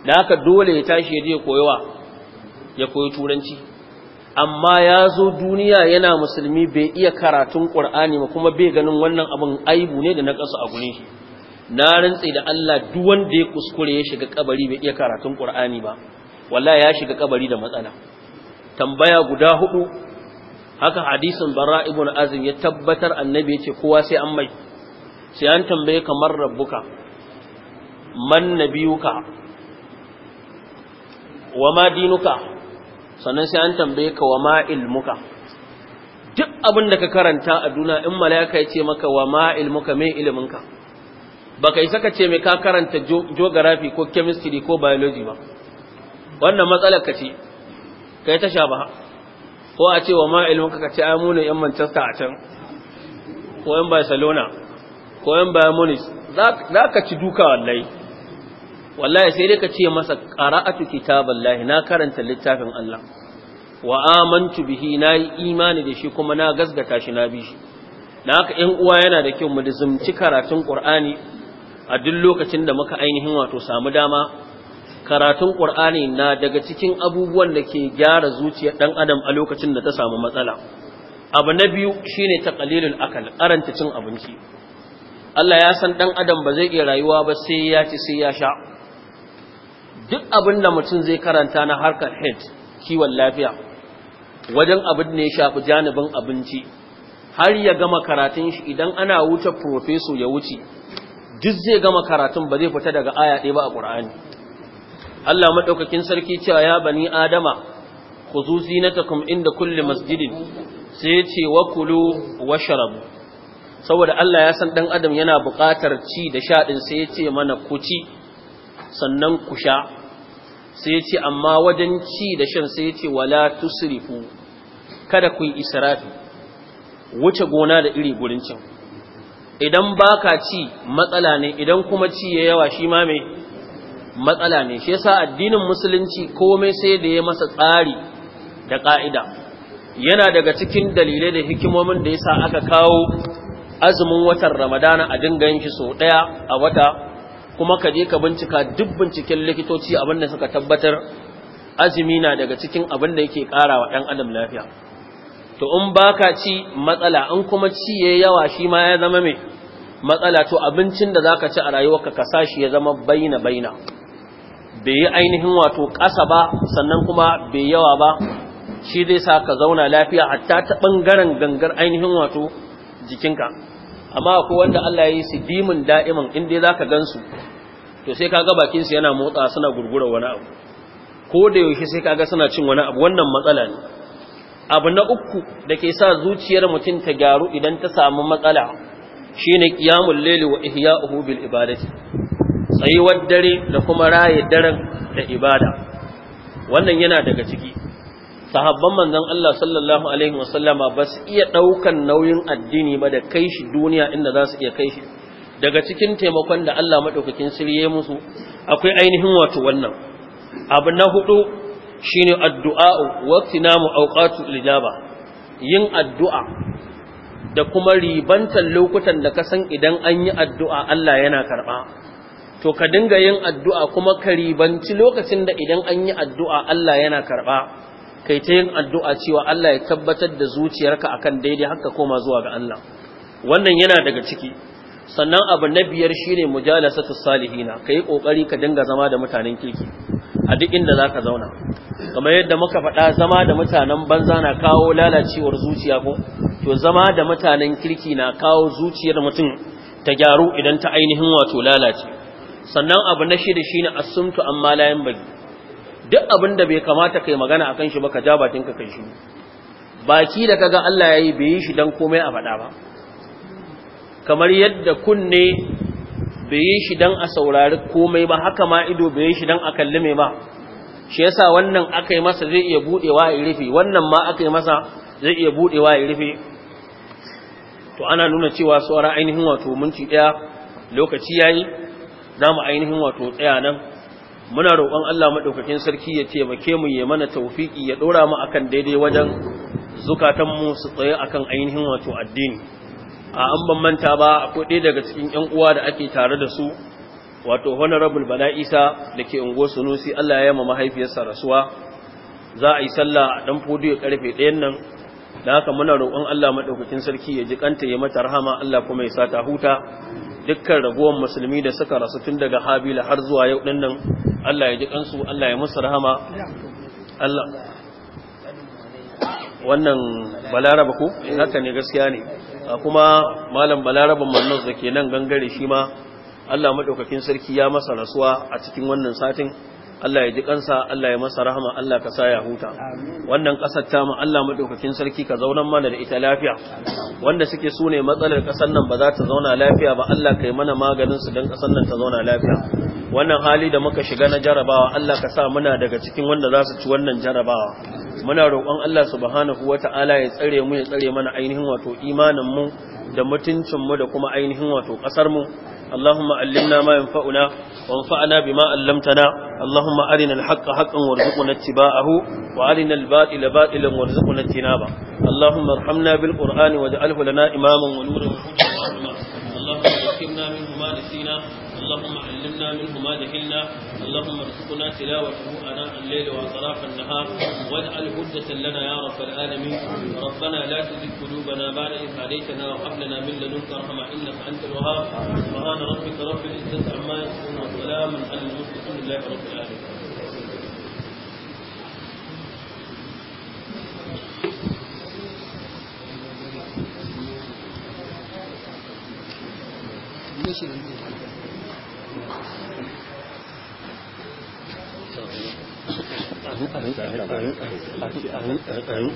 da haka dole ya tashi ya je koyowa ya koyi turanci amma ya zo duniya yana musulmi bai iya karatun qur'ani ba kuma bai ganin wannan abin aibu ne da na kasa a gune shi na rantsi da Allah duk wanda ya kuskure ya shiga kabari bai iya karatun qur'ani ba wallahi ya shiga kabari da matsala tambaya guda hudu haka hadisin barra ibn azim ya tabbatar annabi ya ce kowa sai an mai sai an tambaye kamar rabbuka man nabiyuka wa ma dinuka sannan sai an tambaye ka wa ma ilmuka duk abin da ka karanta a duna in mala'ika ya ce maka wa ma ilmuka me iliminka baka isa ka ce me ka karanta geography ko chemistry ko biology ba wannan matsalar ka ce kai ta sha ba ko a ce wa ma ilmuka ka ce ai yan Manchester a can ko yan Barcelona ko yan Bayern Munich za ka ci duka wallahi wallahi sai dai ka ce masa qara'atu kitaballahi na karanta littafin Allah wa amantu bihi na yi imani da shi kuma na gasgata shi na bi shi na haka ‘yan uwa yana da kyau mu da zumci karatun ƙur'ani a duk lokacin da muka ainihin wato samu dama karatun ƙur'ani na daga cikin abubuwan da ke gyara zuciyar ɗan adam a lokacin da ta samu matsala abu na biyu shine ƙalilin akal karanta cin abinci Allah ya san dan adam ba zai iya rayuwa ba sai ya ci sai ya sha duk abin da mutum zai karanta na harkar head kiwon lafiya wajen abin ne ya shafi janibin abinci har ya gama karatun shi idan ana wuce profeso ya wuce duk zai gama karatun ba zai fita daga aya ɗaya ba a ƙur'ani Allah maɗaukakin sarki cewa ya bani adama khuzu zinatakum inda kulli masjidin sai ya ce wakulu washrabu saboda Allah ya san dan adam yana buƙatar ci da sha din sai ya ce mana ku ci sannan ku sha sai ya ce amma wajen ci da shan sai ya ce wala tusrifu kada ku yi israfi wuce gona da iri gurin cin idan baka ci matsala ne idan kuma ci ya yawa shi ma mai matsala ne shi yasa addinin musulunci komai sai da ya masa tsari da ka'ida, yana daga cikin dalilai da hikimomin da yasa aka kawo azumin watan ramadana a dinga yin sau ɗaya a wata kuma ka je ka bincika duk binciken likitoci abin da suka tabbatar azumi na daga cikin abin da yake ƙara wa ɗan adam lafiya to in baka ci matsala in kuma ci yayi yawa shi ma ya zama mai matsala to abincin da zaka ci a rayuwarka ka sashi ya zama baina baina bai yi ainihin wato ƙasa ba sannan kuma bai yawa ba shi zai sa ka zauna lafiya hatta ta ɓangaren gangar ainihin wato jikinka amma ko wanda Allah ya yi su dimin da'iman inda dai za ka gansu to sai ka ga bakinsu yana motsa suna gurgura wani abu ko da yaushe sai ka ga suna cin wani abu wannan matsala ne abu na uku da ke sa zuciyar mutum ta gyaru idan ta samu matsala shine qiyamul layli wa ihya'uhu bil ibadati tsayuwar dare da kuma raye daren da ibada wannan yana daga ciki sahabban manzon Allah sallallahu alaihi wasallama ba su iya daukan nauyin addini ba da kai shi duniya inda za su iya kai shi daga cikin taimakon da Allah madaukakin sirye musu akwai ainihin wato wannan abu na hudu shine addu'a waqtinamu awqatu lijaba yin addu'a da kuma ribantan lokutan da ka san idan an yi addu'a Allah yana karɓa to ka dinga yin addu'a kuma ka ribanci lokacin da idan an yi addu'a Allah yana karɓa kai ta yin addu'a cewa Allah ya tabbatar da zuciyarka akan daidai haka koma zuwa ga Allah wannan yana daga ciki sannan abu na biyar shine mujalasatu salihina kai kokari ka dinga zama da mutanen kirki a duk inda za ka zauna kamar yadda muka faɗa zama da mutanen banza na kawo lalacewar zuciya ko to zama da mutanen kirki na kawo zuciyar mutum ta gyaru idan ta ainihin wato lalace sannan abu na shida shine asumtu amma layan bai duk abin da bai kamata kai magana akan shi ba ka ja bakin ka kai shi baki da kaga Allah yayi bai yi shi dan komai a faɗa ba kamar yadda kunne bai yi shi dan a saurari komai ba haka ma ido bai yi shi dan a kalli mai ba shi yasa wannan aka yi masa zai iya budewa ya rufe wannan ma aka yi masa zai iya budewa ya rufe to ana nuna cewa su ainihin wato minti ɗaya lokaci yayi za mu ainihin wato tsaya nan muna roƙon Allah maɗaukakin sarki ya taimake mu ya mana tawfiki ya ɗora mu akan daidai wajen zukatanmu su tsaye akan ainihin wato addini a an ban manta ba ko ɗaya daga cikin ƴan uwa da ake tare da su wato honorable bala isa da ke ungo sunusi Allah ya yi ma mahaifiyarsa rasuwa za a yi sallah a ɗan fodiyo ƙarfe ɗayan nan da haka muna roƙon Allah maɗaukakin sarki ya ji kanta ya mata rahama Allah kuma ya sa ta huta dukkan raguwan musulmi da suka rasu tun daga habila har zuwa yau ɗin nan Allah ya ji kansu Allah ya musu rahama Allah wannan balaraba ko eh, haka ne gaskiya ne ah, kuma malam balaraban mannas da ke nan gangare shi ma Allah madaukakin sarki ya masa rasuwa a cikin wannan satin Allah ya ji kansa Allah ya masa rahama Allah ka sa ya huta wannan kasar ta mu Allah madaukakin sarki ka zauna mana da ita lafiya wanda suke su ne matsalar kasar nan ba za ta zauna lafiya ba Allah kai mana maganin su dan kasar nan ta zauna lafiya wannan hali da muka shiga na jarabawa Allah ka sa muna daga cikin wanda za su ci wannan jarabawa muna roƙon Allah subhanahu wata'ala ya tsare mu ya tsare mana ainihin wato imanin mu da mutuncinmu da kuma ainihin wato ƙasarmu Allahumma allimna ma yanfa'una wa anfa'na bima allamtana Allahumma arina al-haqqa haqqan warzuqna ittiba'ahu wa arina al-batila batilan warzuqna ijtinaba Allahumma arhamna bil qur'ani waj'alhu lana imaman wa nuran wa hujjatan Allahumma wakkilna minhu ma nasina اللهم علمنا منه ما جهلنا اللهم ارزقنا تلاوته أناء الليل وأطراف النهار واجعل هدة لنا يا رب العالمين ربنا لا تزغ قلوبنا بعد إذ هديتنا وهب لنا من لدنك رحمة إنك أنت الوهاب سبحان ربك رب العزة عما يصفون وسلام على المسلمين لله رب العالمين Michigan. Amin, amin,